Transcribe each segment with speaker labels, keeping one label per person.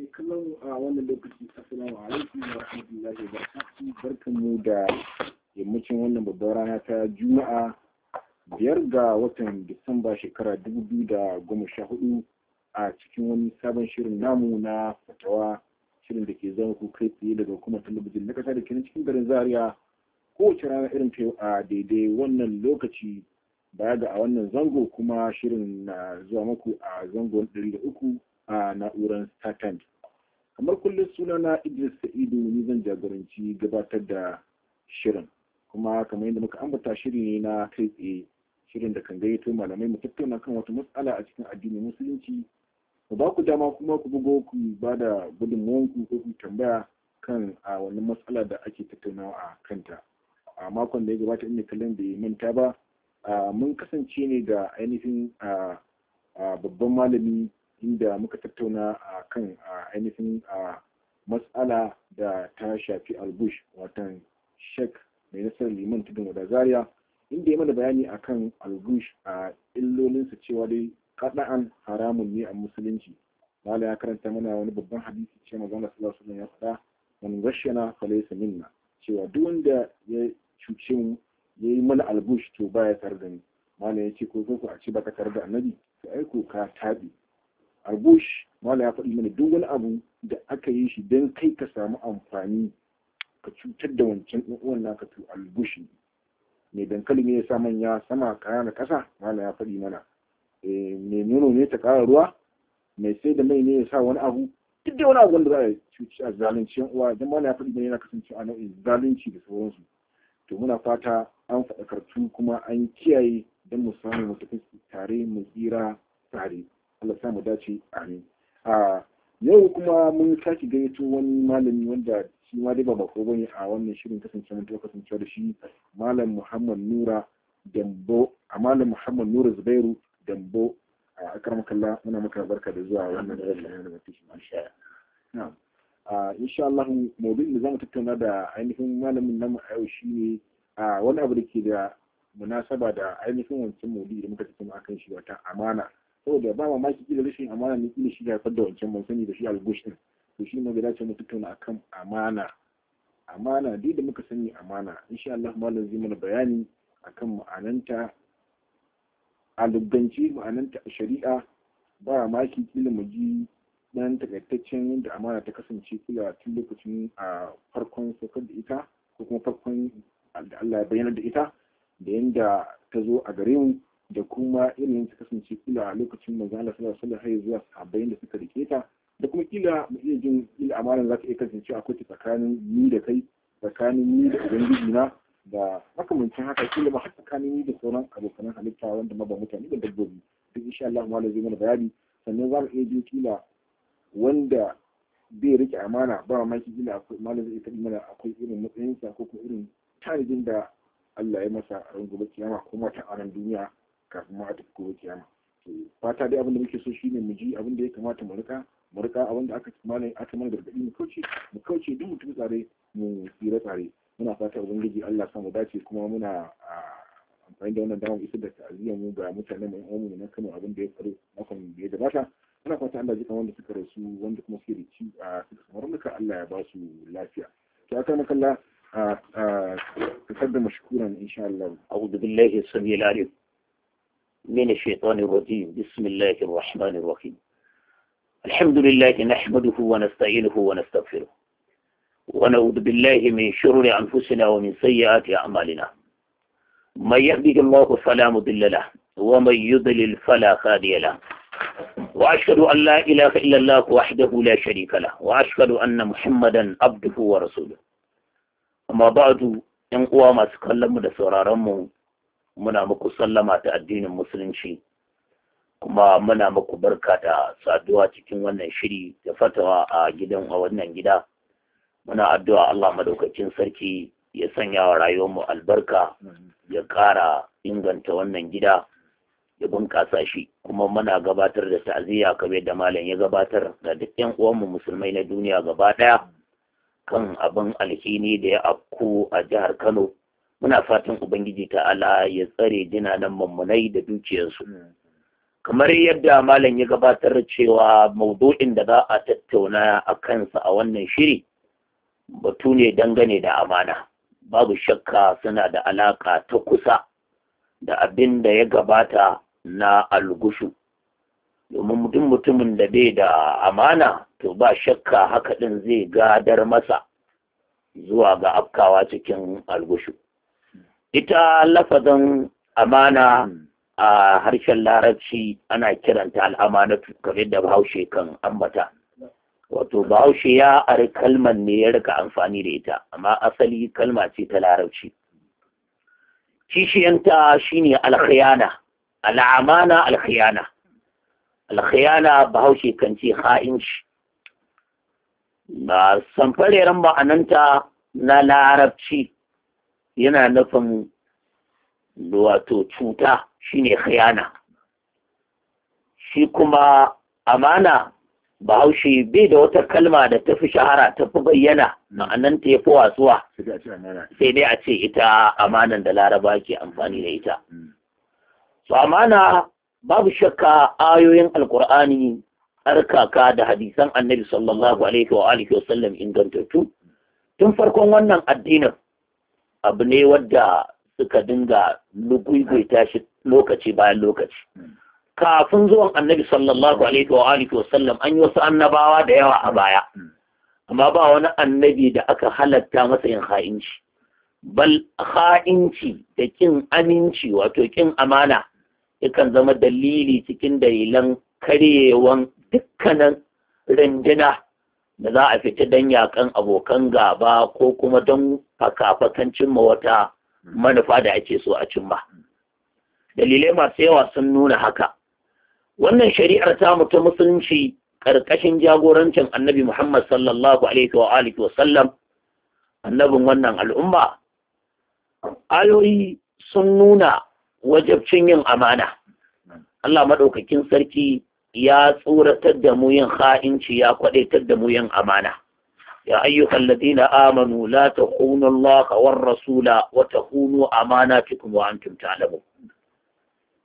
Speaker 1: mai kallon a wannan lokaci assalamu alaikum wa rahmatullahi wa barakatuh barkanmu da yammacin wannan babbar rana ta juma'a biyar ga watan disamba shekara dubu biyu da goma sha hudu a cikin wani sabon shirin namu na fatawa shirin da ke zama ku kai tsaye daga hukumar talabijin na kasa da ke cikin garin zaria kowace rana irin ta a daidai wannan lokaci baya ga a wannan zango kuma shirin na zuwa maku a zangon ɗari da uku a na'urar satan Kamar kullum na Idris Sa'idu ni zan jagoranci gabatar da shirin. Kuma kamar yadda muka ambata shiri ne na kai tsaye shirin da kan gayyato malamai mu tattauna kan wata matsala a cikin addinin musulunci. Mu ba ku dama kuma ku bugo ku ba da ku ko ku tambaya kan a wannan matsala da ake tattaunawa a kanta. A makon da ya gabata ina kallon bai manta ba mun kasance ne da ainihin babban malami inda muka tattauna a kan ainihin a matsala da ta shafi albush watan shek mai nasarar liman tudun wada zariya inda ya mana bayani a kan albush a illolinsa cewa dai kaɗa'an haramun ne a musulunci mala ya karanta mana wani babban hadisi ce magana sallallahu alaihi ya faɗa wani rashana falaisa minna cewa duk wanda ya cuce mu ya yi mana albush to baya tare da ni ya ce ko ko a ci baka tare da annabi to aiko ka taɓi. bush mala ya faɗi mana duk wani abu da aka yi shi don kai ka samu amfani ka cutar da wancan ɗan'uwan naka to albushi mai dankali ne ya sa manya sama kaya na ƙasa mala ya faɗi mana eh, mai nono ne ta ƙara ruwa mai sai da mai ne ya sa wani abu duk da wani abu wanda za a cuci a zalunci uwa idan mala ya faɗi mana yana kasance a nau'in zalunci da sauransu to muna fata an faɗa kartu kuma an kiyaye don mu samu mu tare mu tsira tare Allah sa mu dace amin a yau kuma mun sake gayyato wani malami wanda shi ma dai ba bako bane a wannan shirin kasance mun kasancewa da shi malam Muhammad Nura Dambo a malam Muhammad Nura Zubairu Dambo a akramakallah muna maka barka da zuwa wannan rayuwar da mutum insha Allah insha Allah maudu'in da zamu tattauna da ainihin malamin namu a yau shine a wani abu da ke da munasaba da ainihin wancan maudu'i da muka tattauna akan shi wata amana saboda ba mamaki kila rashin amana ne kila shi haifar da wancan mun sani da shi algush ɗin to shi ma da ce mu tattauna akan amana amana dai da muka sani amana insha Allah malam zai mana bayani akan ma'ananta a ma'ananta a shari'a ba maki kila mu ji dan takaitaccen da amana ta kasance kila tun lokacin a farkon saukar da ita ko kuma farkon da Allah ya bayyana da ita da yanda ta zo a gare mu da kuma irin ta kasance kila a lokacin manzo Allah sallallahu alaihi wasallam zuwa sahabbai da suka rike ta da kuma kila mu iya jin kila amaran za ta iya kasance akwai ta tsakanin ni da kai tsakanin ni da ubangiji na da makamancin haka kila ba har tsakanin ni da sauran abokan halitta wanda ma ba mutane da dabbobi duk insha Allah mu zai mana bayani sannan za mu iya jin kila wanda bai rike amana ba mamaki kila akwai malam zai faɗi mana akwai irin matsayinsa ko kuma irin tarihin da Allah ya masa a rungumar kiyama ko mata a duniya kafin a tafi kiyama fata dai abin da muke so shine mu ji abin da ya kamata mu rika mu rika abin da aka ne aka mana gargadi mu kauce mu kauce duk mutum tsare mu tsira tsare muna fata ubangiji Allah sa mu dace kuma muna amfani da wannan damar isar da ta'aziyya mu ga mutane mu yan na Kano abin da ya faru makon da ya gabata muna fata Allah ji wanda suka rasu wanda kuma suke da ci a suka samu raunuka Allah ya ba su lafiya to aka maka Allah
Speaker 2: تقدم مشكورا ان شاء الله اعوذ بالله السميع العليم من الشيطان الرجيم بسم الله الرحمن الرحيم الحمد لله نحمده ونستعينه ونستغفره ونعوذ بالله من شرور أنفسنا ومن سيئات أعمالنا من يهده الله فلا مضل له ومن يضلل فلا هادي له وأشهد أن لا إله إلا الله وحده لا شريك له وأشهد أن محمدا عبده ورسوله أما بعد إن قوام أسكلم سكلم da muna muku sallama ta addinin musulunci kuma muna muku barka da saduwa cikin wannan shiri da fatawa a gidan a wannan gida muna addu'a Allah madaukakin sarki ya sanya wa rayuwarmu albarka ya ƙara inganta wannan gida ya bunƙasa shi kuma muna gabatar da ta'aziyya kamar da malam ya gabatar ga duk ƴan uwanmu musulmai na duniya gaba ɗaya kan abin alhini da ya afku a jihar Kano muna fatan ubangiji ta ta'ala ya tsare nan mummunai da dukiyarsu hmm. kamar yadda malam ya gabatar cewa maudu'in da za a tattauna a kansa a wannan shiri batu ne dangane da amana babu shakka suna da alaka ta kusa da abin da ya gabata na algushu domin mutum mutumin da bai da amana to ba shakka haka ɗin zai gadar masa zuwa ga afkawa cikin algushu ita lafazin amana a harshen larabci ana kiranta al'amana kamar da bahaushe kan ambata wato bahaushe ya ari kalmar ne ya rika amfani da ita amma asali kalma ce ta larabci kishiyanta shine alkhiyana al'amana alkhiyana alkhiyana bahaushe kan ce ha'inci ba samfareren ma'ananta na larabci yana nufin wato cuta shine khiyana shi kuma amana bahaushe bai da wata kalma da tafi shahara tafi bayyana ma'ananta ya fi wasuwa sai dai a ce ita amanan da laraba ke amfani da ita hmm. su amana babu shakka ayoyin alkur'ani kaka da hadisan annabi sallallahu alaihi wa alihi ingantattu tun farkon wannan addinin abu ne wadda suka dinga lugugwaita shi lokaci bayan lokaci kafin zuwan annabi sallallahu alaihi wa alihi wa sallam an yi wasu annabawa da yawa a baya amma ba wani annabi da aka halatta masa yin ha'inci bal ha'inci da kin aminci wato kin amana yakan zama dalili cikin dalilan karyewan dukkanin runduna. da za a fita don yakan abokan gaba ko kuma don fakafakan cimma wata manufa da ake so a cimma dalilai masu yawa sun nuna haka wannan shari'ar ta mutu musulunci ƙarƙashin jagorancin annabi muhammad sallallahu alaihi wa alihi wa sallam annabin wannan al'umma ayoyi sun nuna wajabcin yin amana Allah maɗaukakin sarki ya tsoratar da mu yin ha'inci ya kwadaitar da mu yin amana ya ayyukan ladina amanu la tahunu Allah war rasula wa amana cikin wa antum ta'lamun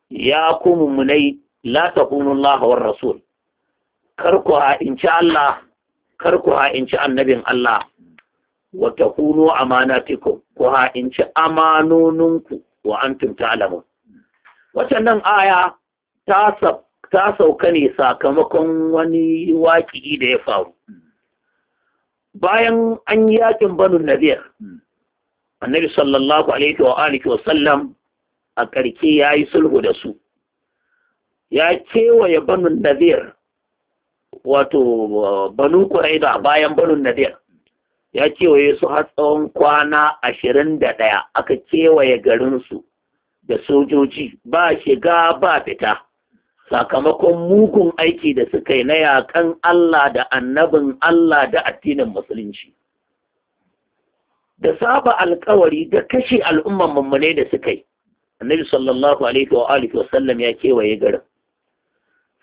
Speaker 2: ya kuma munai la tahunu Allah war rasul kar ku ha'inci Allah karku ha'inci annabin Allah wata wa amana amanatukum ku ha'inci amanoninku wa antum Wacan nan aya ta sab ta sauka ne sakamakon wani waƙi da ya faru bayan an yi yaƙin banu nadir annabi sallallahu alaihi wa alihi wa sallam a ƙarke ya yi sulhu da su ya kewaye banu nadir wato banu bayan banu nadir ya kewaye su har tsawon kwana ashirin da ɗaya aka kewaye garinsu da sojoji ba shiga ba fita sakamakon mugun aiki da suka yi na yakan Allah da annabin Allah da addinin musulunci da saba alkawari da kashe al'umman mummune da suka yi annabi sallallahu alaihi wa alihi wasallam ya kewaye garin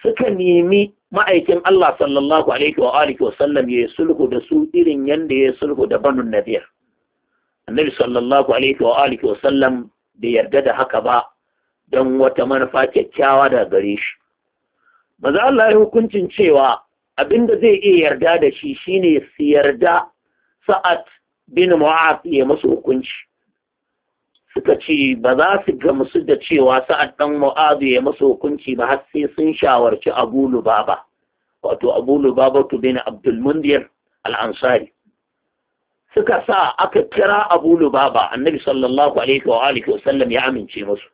Speaker 2: suka nemi ma'aikin Allah sallallahu alaihi wa alihi wasallam ya sulhu da su irin yanda ya sulhu da banu nabiyar annabi sallallahu alaihi wa alihi wasallam da yarda da haka ba don wata manufa kyakkyawa daga gare shi za Allah ya hukuncin cewa abinda zai iya yarda da shi shine su yarda sa'ad bin mu'az ya masu hukunci suka ce ba za su gamsu da cewa sa'ad ɗan mu'azu ya masa hukunci ba har sai sun shawarci abu lubaba wato abu lubaba tu bin abdulmundir al'ansari suka sa aka kira abu lubaba annabi sallallahu alaihi wa sallam ya amince musu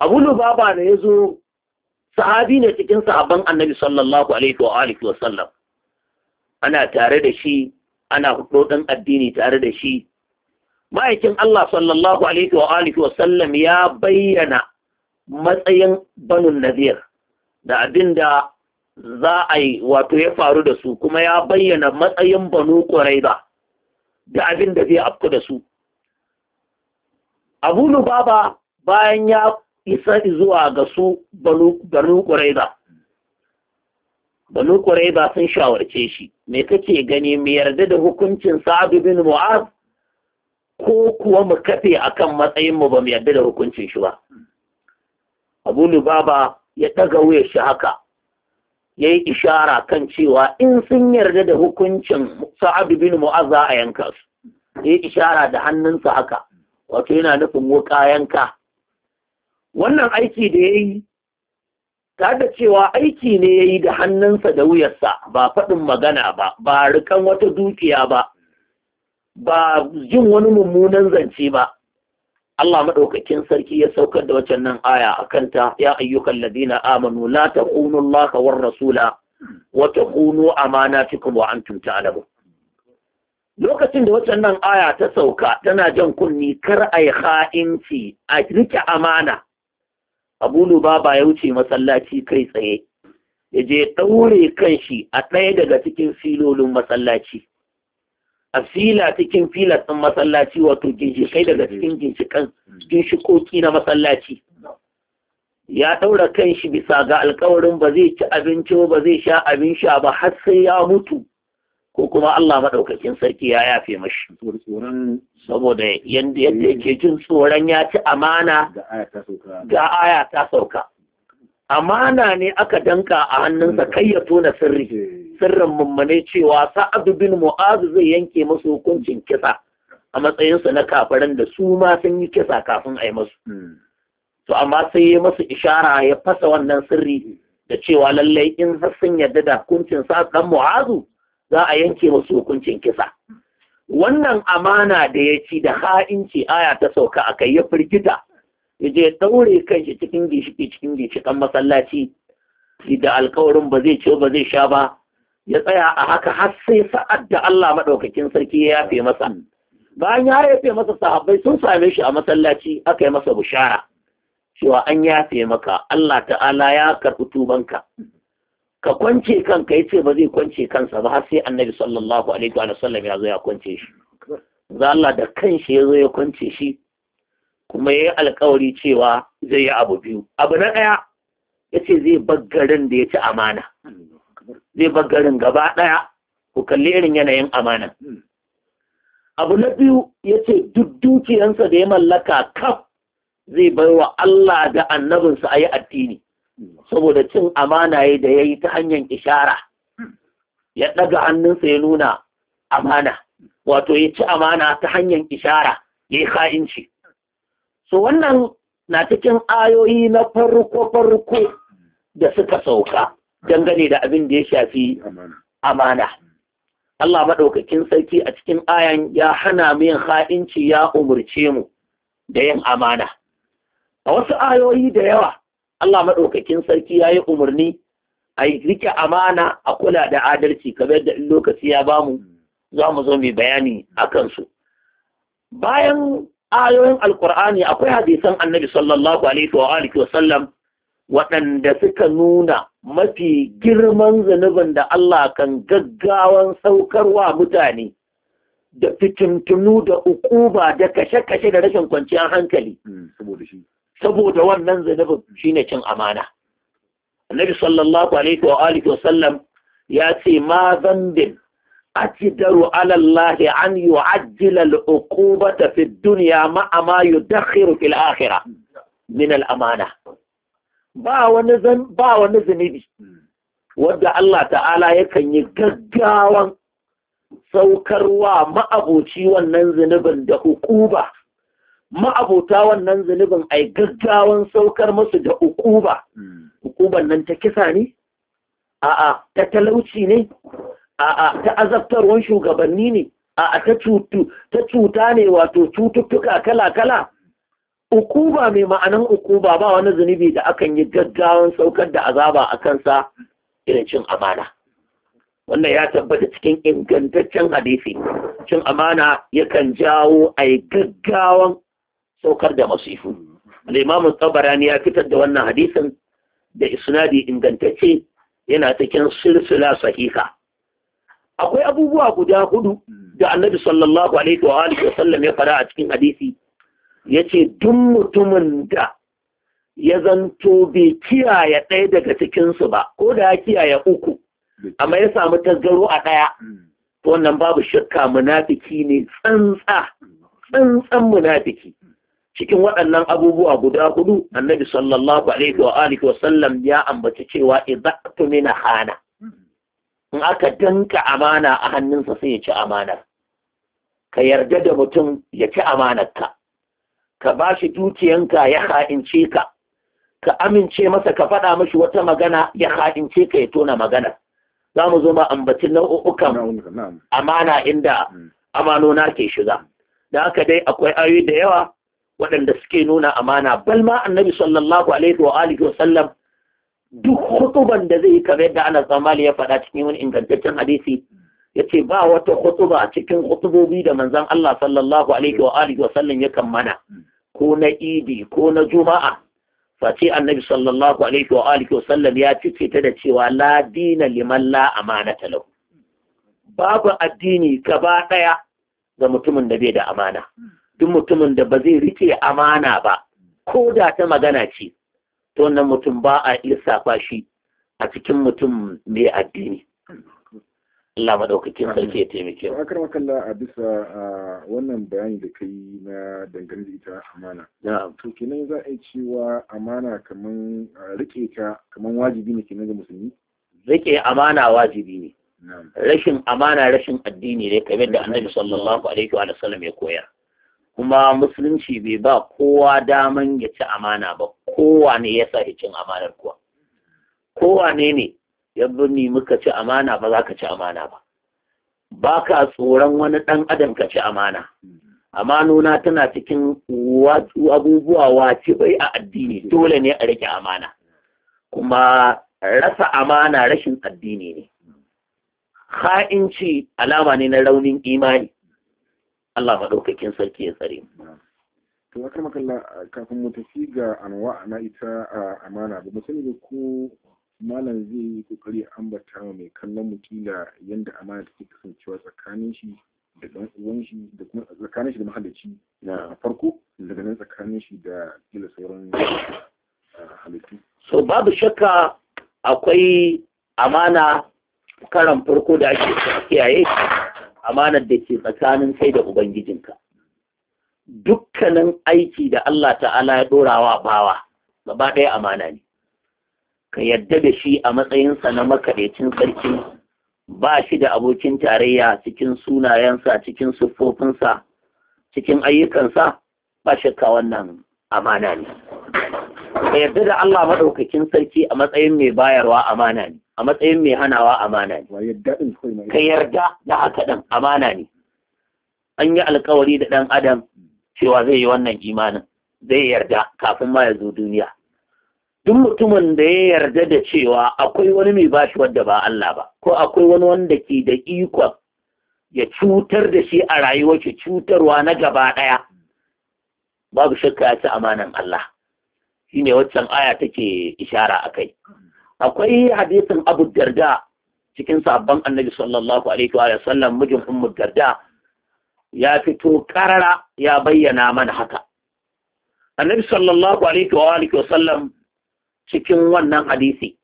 Speaker 2: abu lubaba da ya zo sahabi ne cikin sahabban annabi sallallahu alaihi wa alihi wa sallam ana tare da shi ana hudodin addini tare da shi ma'aikin Allah sallallahu alaihi wa alihi wa sallam ya bayyana matsayin banun nazir da abinda za a yi wato ya faru da su kuma ya bayyana matsayin banu ba, da abin da zai afku da su abu lubaba bayan ya isa zuwa ga su banu ƙuraiba banu sun shawarce shi me kake gani mu yarda da hukuncin sa'adu bin mu'az ko kuwa mu kafe akan matsayin mu ba mu yarda da hukuncin shi ba abu lubaba ya ɗaga wuyar shi haka ya yi ishara kan cewa in sun yarda da hukuncin sa'adu bin mu'az za a yanka su ya yi ishara da hannunsa haka wato yana nufin wuka yanka wannan aiki da ya yi ta da cewa aiki ne ya yi da hannunsa da wuyarsa ba faɗin magana ba ba rikan wata dukiya ba ba jin wani mummunan zance ba Allah maɗaukakin sarki ya saukar da waccan nan aya a kanta ya ayyukan ladina amanu la ta ƙunun lakawar rasula wata taqunu cikin wa tuta alabu. lokacin da wacan nan aya ta sauka tana jan kunni kar a yi ha'inci a rike amana Abulu baba ya wuce masallaci kai tsaye ya je ɗaure kanshi a ɗaya daga cikin filolin masallaci a fila cikin filas ɗin masallaci wato ginshi-kai daga cikin ginshikan ginshikoki na masallaci ya ɗaura kanshi bisa ga alkawarin ba zai ci abinci ba zai sha abin sha ba har sai ya mutu ko kuma Allah maɗaukakin sarki ya yafe mashi. saboda yadda eh. yake jin tsoron ya ci amana ga aya ta sauka amana ne aka danka a hannunsa eh. kai ya tona sirri eh. sirrin mummune cewa sa'adu bin mu'azu zai yanke masu hukuncin kisa a matsayinsu na kafirin da su ma sun yi kisa kafin a yi masu hmm. to amma sai ya masu ishara ya fasa wannan sirri da cewa lallai in sun yarda da hukuncin sa dan mu'azu za a yanke masu hukuncin kisa wannan amana da ya ci da ha'inci aya ta sauka a kai ya firgita ya je daure kanshi cikin gishiki cikin gishikan masallaci da alkawarin ba zai ci ba zai sha ba ya tsaya a haka har sai sa'ad da Allah maɗaukakin sarki ya yafe masa bayan ya yafe masa sahabbai sun same shi a masallaci aka yi masa bushara cewa an yafe maka Allah ta'ala ya karɓi tubanka ka kwance kanka ya ce ba zai kwance kansa ba har sai annabi sallallahu alaihi wa sallam ya zo ya kwance shi za Allah da kanshi ya zo ya kwance shi kuma ya yi alkawari cewa zai yi abu biyu abu na ɗaya ya ce zai baggarin da ya ci amana zai baggarin gaba ɗaya ku kalli irin yanayin amana abu na biyu ya ce duk dukiyansa da ya mallaka kaf zai wa Allah da annabinsa ayi addini saboda cin amana da ya yi ta hanyar ishara ya ɗaga hannunsa ya nuna amana wato ya ci amana ta hanyar ishara ya yi ha'inci. so wannan na cikin ayoyi na farko-farko da suka sauka dangane da abin da ya shafi amana Allah maɗaukakin sarki a cikin ayan ya hana mu yin ha'inci ya umurce mu da yin amana a wasu ayoyi da yawa Allah maɗaukakin sarki ya yi umarni a yi rike amana a kula da adalci kamar da in lokaci ya bamu za mu zo mai bayani a kansu bayan ayoyin alkur'ani akwai hadisan annabi sallallahu alaihi wa wasallam waɗanda suka nuna mafi girman zunubin da Allah kan gaggawan saukarwa mutane da fitintunu da ukuba da kashe-kashe da rashin kwanciyar hankali mm, saboda wannan shi shine cin amana annabi sallallahu alaihi wa alihi wasallam ya ce ma zambin أجدر على الله أن يعجل العقوبة في الدنيا مع ما يدخر في الآخرة من الأمانة ba wani zan ba wani zunubi wanda Allah ta'ala yakan yi gaggawan saukarwa ma'aboci wannan zunubin da hukuba ma'abota wannan zunubin ai gaggawan saukar musu da ukuba ukuban nan ta kisa ne a'a ta talauci ne a'a ta azabtarwan shugabanni ne a'a ta cuta ne wato cututtuka kala kala ukuba mai ma'anan ukuba ba wani zunubi da akan yi gaggawan saukar da azaba a kansa irin cin amana wannan ya tabbata cikin ingantaccen hadisi cin amana yakan jawo a gaggawan saukar da masifu al-imam tabarani ya fitar da wannan hadisin da isnadi ingantacce yana cikin silsila sahiha akwai abubuwa guda hudu da annabi sallallahu alaihi wa sallam ya fara a cikin hadisi ya ce duk mutumin da ya zanto bai kiyaye ɗaya daga cikinsu ba ko da ya kiyaye uku amma ya samu tasgaro a ɗaya to wannan babu shakka munafiki ne tsantsa tsantsan munafiki cikin waɗannan abubuwa guda hudu annabi sallallahu alaihi wa alihi wa sallam ya ambaci cewa idatu min hana in aka danka amana a hannunsa sai ya ci amanar ka yarda da mutum ya ci amanar ka Ka bashi dukiyanka ya ha'ince ka ka amince masa ka faɗa mashi wata magana ya ha'ince ka ya tona magana za mu zo ma ambaci nau'ukan amana inda mm. amanona ke shiga da aka dai akwai ayoyi da yawa waɗanda suke nuna amana balma annabi sallallahu alaihi wa alihi wa sallam duk khutuban da zai yi da da ana zamali ya faɗa cikin wani ingantaccen hadisi yace ba wata khutuba a cikin khutubobi da manzon Allah sallallahu alaihi wa alihi wa sallam ya kammana ko na idi ko na juma'a face annabi sallallahu alaihi wa alihi wa sallam ya cice ta da cewa la dina liman la amana talau babu addini gaba ɗaya ga mutumin da bai da amana duk mutumin da ba zai rike amana ba ko da ta magana ce to wannan mutum ba a lissafa shi a cikin mutum mai addini Allah maɗaukakin sarki ya taimake mu. Akar
Speaker 1: makalla a bisa wannan bayani da ka yi na dangane da ita amana. To kenan za a yi cewa amana
Speaker 2: kaman rike ka kaman wajibi ne kenan ga musulmi? Rike amana wajibi ne. Rashin amana rashin addini ne kamar da Annabi sallallahu alaihi wa sallam ya koyar. kuma musulunci bai ba kowa daman ya ci amana ba kowa ne ya sa cin amanar kuwa kowa ne ne yanzu ni muka ci amana ba za ka ci amana ba ba ka tsoron wani ɗan adam ka ci amana amanuna tana cikin abubuwa wace bai a addini dole ne a rike amana kuma rasa amana rashin addini ne ha'inci alama ne na raunin imani Allah maɗaukakin sarki ya tsare mu
Speaker 1: to ya kama kalla kafin mu tafi ga anwa na ita a amana ba mu sani da ko malam zai yi kokari ambata mai kallon mu kila yanda amana take kasancewa tsakanin shi da dan uwan shi da kuma tsakanin shi da mahallaci na farko daga nan tsakanin shi da kila sauran
Speaker 2: halittu so babu shakka akwai amana karan farko da ake kiyaye amanar da ke tsakanin kai da ubangijinka dukkanin aiki da Allah ta'ala ya wa bawa gaba ɗaya amana ne ka yadda da shi a matsayinsa na makaɗaicin sarki ba shi da abokin tarayya cikin sunayensa cikin siffofinsa cikin ayyukansa ba shakka wannan amana ne ka yarda da Allah madaukakin sarki a matsayin mai bayarwa amana ne a matsayin mai hanawa amana ne ka yarda da haka ɗan amana ne an yi alkawari da ɗan adam cewa zai yi wannan imanin zai yarda kafin ma ya zo duniya duk mutumin da ya yarda da cewa akwai wani mai bashi wadda ba Allah ba ko akwai wani wanda ke da ikon ya cutar da shi a rayuwa ke cutarwa na gaba ɗaya babu shakka ya ci amanan Allah Shi ne waccan aya take ishara a kai. akwai hadisin Abu Darda cikin sabon Annabi sallallahu alaihi wa sallam mijin Ummu Darda ya fito karara ya bayyana mana haka Annabi sallallahu alaihi wa sallam cikin wannan hadisi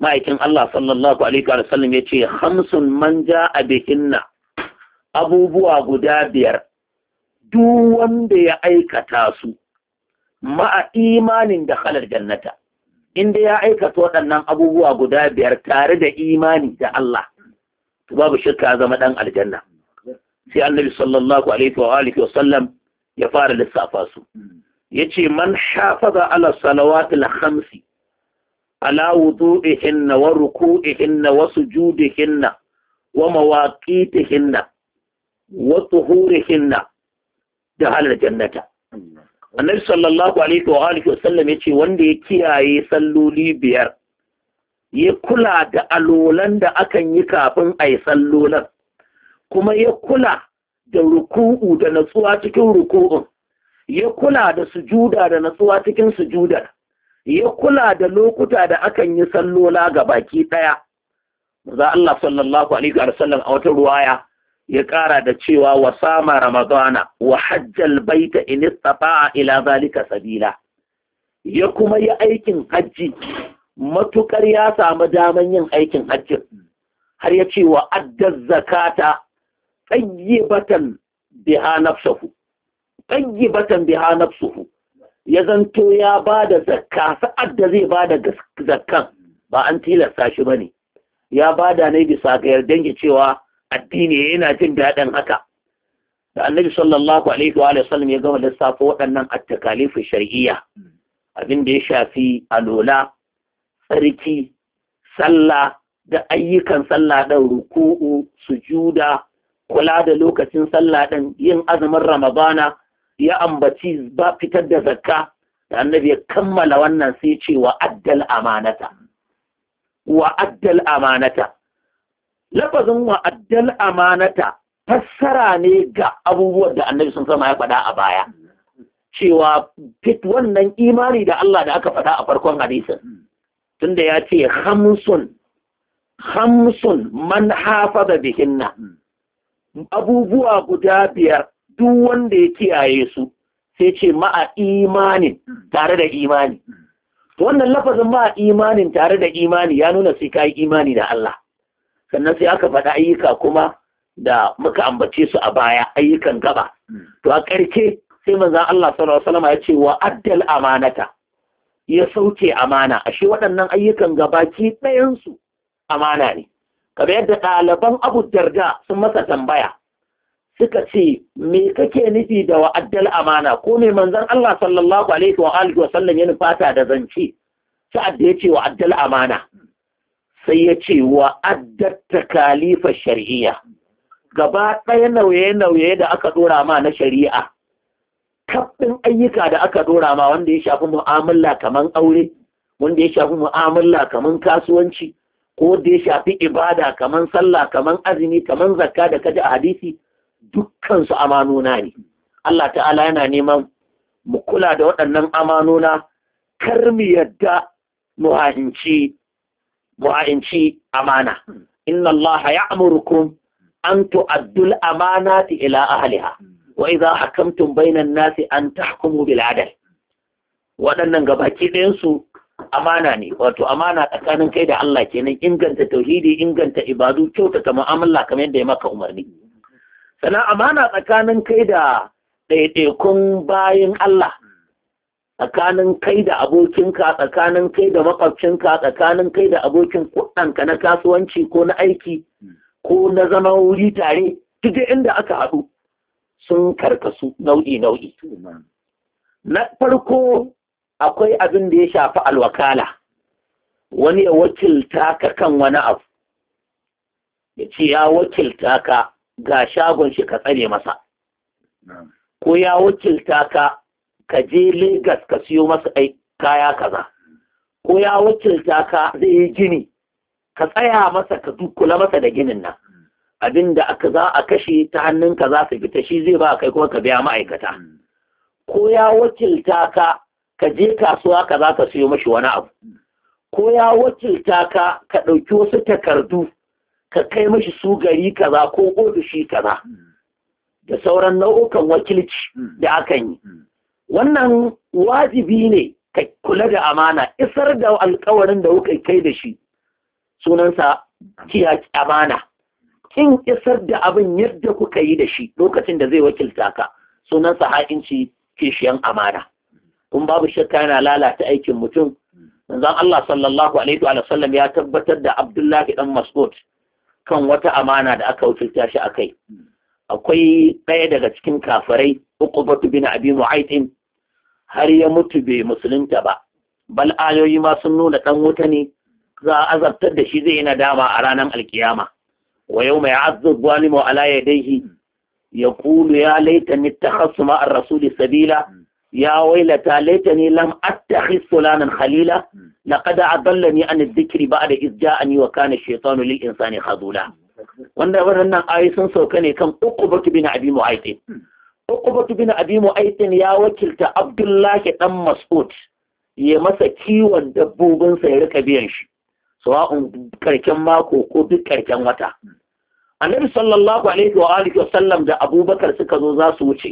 Speaker 2: ma'aikin Allah sallallahu alaihi wa sallam ya ce hamsun man a bikinna abubuwa guda biyar duk wanda ya aikata su ma'a imanin da halar jannata inda ya aikata waɗannan abubuwa guda biyar tare da imani da Allah to babu shirka zama ɗan aljanna sai annabi sallallahu alaihi wa alihi wasallam ya fara lissafa su ce man hafaza ala salawatil hamsi ala wudu'ihinna wa ruku'ihinna wa sujudihinna wa mawaqitihinna wa tuhurihinna da halar jannata annabi sallallahu alaihi wa alihi wasallam yace wanda ya kiyaye salloli biyar ya kula da alolan da akan yi kafin a yi sallolan kuma ya kula da ruku'u da natsuwa cikin ruku'un ya kula da sujuda da natsuwa cikin sujudar ya kula da lokuta da akan yi sallola ga baki ɗaya. za Allah sallallahu alaihi wa sallam a wata ruwaya ya ƙara da cewa wa sama ramadana wa hajjal baita in istata'a ila zalika sabila ya kuma yi aikin hajji Matuƙar ya samu daman yin aikin hajji har ya ce wa addar zakata tayyibatan biha nafsuhu tayyibatan biha nafsuhu ya zanto ya ba da zakka sa'ad da zai ba da zakkan ba an tilasta shi bane ya ba da ne bisa ga yardan cewa addini yana jin daɗin haka da annabi sallallahu alaihi wa sallam ya gama lissafa waɗannan attakalifu shar'iyya abin da ya shafi alola tsarki sallah da ayyukan sallah ɗin ruku'u sujuda kula da lokacin sallah ɗin yin azumin ramadana ya ambaci ba fitar da zakka da annabi ya kammala wannan sai ce wa addal amanata wa addal amanata lafazin wa amanata fassara ne ga abubuwan da annabi sun sama ya faɗa a baya cewa fit wannan imani da Allah da aka faɗa a farkon hadisin tunda ya ce hamsun hamsun man hafaza bihinna abubuwa guda biyar duk wanda ya kiyaye su sai ce ma'a imanin tare da imani wannan lafazin ma'a imanin tare da imani ya nuna sai ka imani da Allah sannan sai aka faɗa ayyuka kuma da muka ambace su a baya ayyukan gaba to a ƙarke sai manzon Allah sallallahu alaihi ya ce wa addal amanata ya sauke amana ashe waɗannan ayyukan gabaki ɗayansu amana ne kamar yadda ɗaliban abu darda sun masa tambaya suka ce me kake nufi da addal amana ko me manzon Allah sallallahu alaihi wa sallam ya nufata da zance sa'ad da ya yace wa'addal amana sai ya ce wa addatta kalifar shari'a? gaba ɗaya nauye-nauye da aka dora ma na shari'a kafin ayyuka da aka dora ma wanda ya shafi mu'amala kamar aure wanda ya shafi mu'amala kamar kasuwanci ko da ya shafi ibada kamar sallah kamar azumi kamar zakka da kaji a hadisi Dukkansu amanuna ne Allah ta'ala yana neman mu kula da waɗannan amanuna kar mu yadda mu hanci mu'ainci amana inna Allah kun an tu'addul ti ila wai wa a kan bainan nasi an tahkumu biladar. waɗannan gabaki ɗayan amana ne wato amana tsakanin kai da Allah kenan inganta tauhidi inganta ibadu kyautata mu'amala kamar yadda ya maka umarni sannan amana tsakanin kai da ɗaiɗaikun bayan Allah tsakanin kai da abokinka tsakanin kai da makwabcinka tsakanin kai da abokin kuɗanka na kasuwanci ko na aiki ko na zama wuri tare duk inda aka haɗu sun karkasu nau'i nau'i na farko akwai abin da ya shafi alwakala wani ya wakilta ka kan wani abu ya ce ya wakilta ka ga shagon shi ka tsare masa ko ya wakilta ka ka je Legas ka siyo masa ai kaya kaza ko ya wakilta ka zai yi gini ka tsaya masa ka kula masa da ginin nan abinda aka za a kashe ta ka za su fita shi zai ba kai kuma ka biya ma'aikata ko ya wakilta ka ka je kasuwa ka za ka siyo mashi wani abu ko ya wakilta ka ka ɗauki wasu takardu ka kai mashi su gari kaza ko ofishi kaza da sauran nau'ukan wakilci da akan yi wannan wajibi ne ka kula da amana isar da alkawarin da kuka kai da shi sunansa kiya amana kin isar da abin yadda kuka yi da shi lokacin da zai wakilta ka sunansa ha'inci kishiyan amana kun babu shakka yana lalata aikin mutum manzon Allah sallallahu alaihi wa sallam ya tabbatar da Abdullahi dan Mas'ud kan wata amana da aka wakilta shi akai akwai ɗaya daga cikin kafirai Uqbatu bin Abi Mu'ayth har ya mutu bai musulunta ba bal ayoyi ma sun nuna ɗan wuta ne za a azabtar da shi zai yi nadama a ranar alkiyama wa yau mai azzu zalimu ala yadayhi ya kulu ya laitani ni ma ar-rasuli sabila ya wailata laitani lam attakhis fulanan khalila laqad adallani an adh-dhikri ba'da idh ja'ani wa kana ash-shaytanu lil insani khazula wanda waɗannan ayi sun sauka ne kan uqubatu bin abi mu'ayth Uqbatu bin Abi Mu'aytin ya wakilta Abdullahi dan Mas'ud ya masa kiwon dabbobinsa ya rika biyan shi sawa'un karken mako ko duk karken wata annabi sallallahu alaihi wa alihi wa sallam da abubakar suka zo za su wuce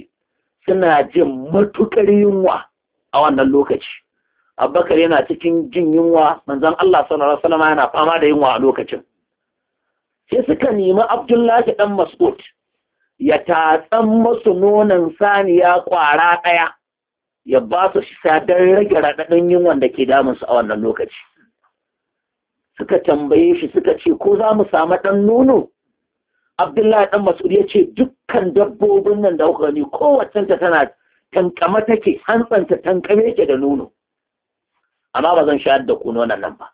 Speaker 2: suna jin matukar yunwa a wannan lokaci abubakar yana cikin jin yunwa manzon Allah sallallahu alaihi wa sallam yana fama da yunwa a lokacin sai suka nemi Abdullahi dan Mas'ud ya tatsan masu nonon saniya kwara ɗaya ya ba su shi sadar rage raɗaɗin yunwan da ke damunsu a wannan lokaci suka tambaye shi suka ce ko za mu samu ɗan nono abdullahi ɗan Masudu ya ce dukkan dabbobin nan da kuka gani ta tana tankama take hantsanta tankame ke da nono amma ba zan shayar da ku nonon nan ba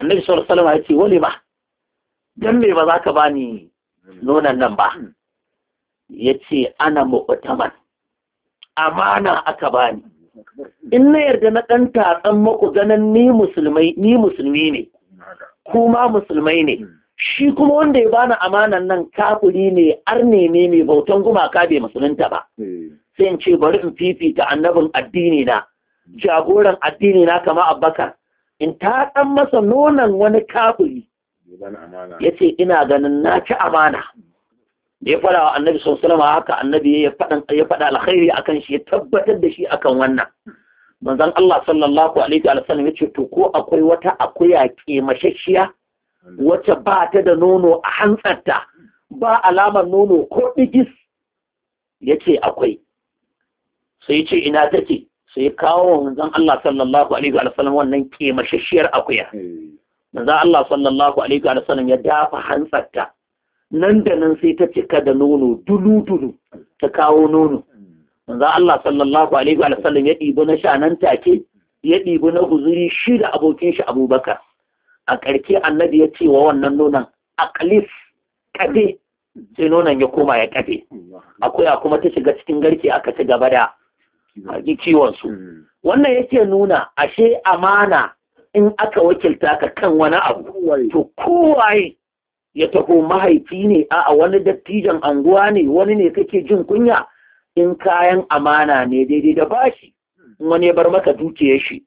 Speaker 2: annabi sallallahu alaihi wasallam ya ce wale ba Don me ba za ka bani nonon nan ba ya ce ana mu'taman amana aka bani in na yarda na ɗan taɗan maku ganin ni ni musulmi ne kuma musulmai ne shi kuma wanda ya bani amanan nan kafuri ne arne ne mai bautan gumaka bai musulunta ba sai in ce bari in fifita annabin addini na jagoran addini na kama abbakar in ta masa nonon wani kafuri ya ce ina ganin na ci amana da ya faɗa wa annabi sallallahu haka annabi ya faɗa ya faɗa alkhairi akan shi ya tabbatar da shi akan wannan manzon Allah sallallahu alaihi wa sallam yace to ko akwai wata akuya kemashashiya wacce ba ta da nono a hantsarta ba alamar nono ko digis yace akwai sai ce ina take sai kawo manzon Allah sallallahu alaihi wa sallam wannan kemashashiyar akuya eh. manzon Allah sallallahu alaihi wa sallam ya dafa hantsarta nan da nan sai ta cika da nono dulu-dulu ta kawo nono manzo Allah sallallahu alaihi wa sallam ya ɗibi na sha nan take ya ɗibi na guzuri shi da abokin shi Abubakar a ƙarke annabi ya ce wa wannan nonon aqlif kafe sai nonon ya koma ya kafe akwai kuma ta shiga cikin garke aka ci gaba da kiwon su wannan yake nuna ashe amana in aka wakilta ka kan wani abu to kowaye ya taho mahaifi ne a wani dattijan anguwa ne wani ne kake jin kunya in kayan amana ne daidai da bashi wani ya bar maka dukiyar shi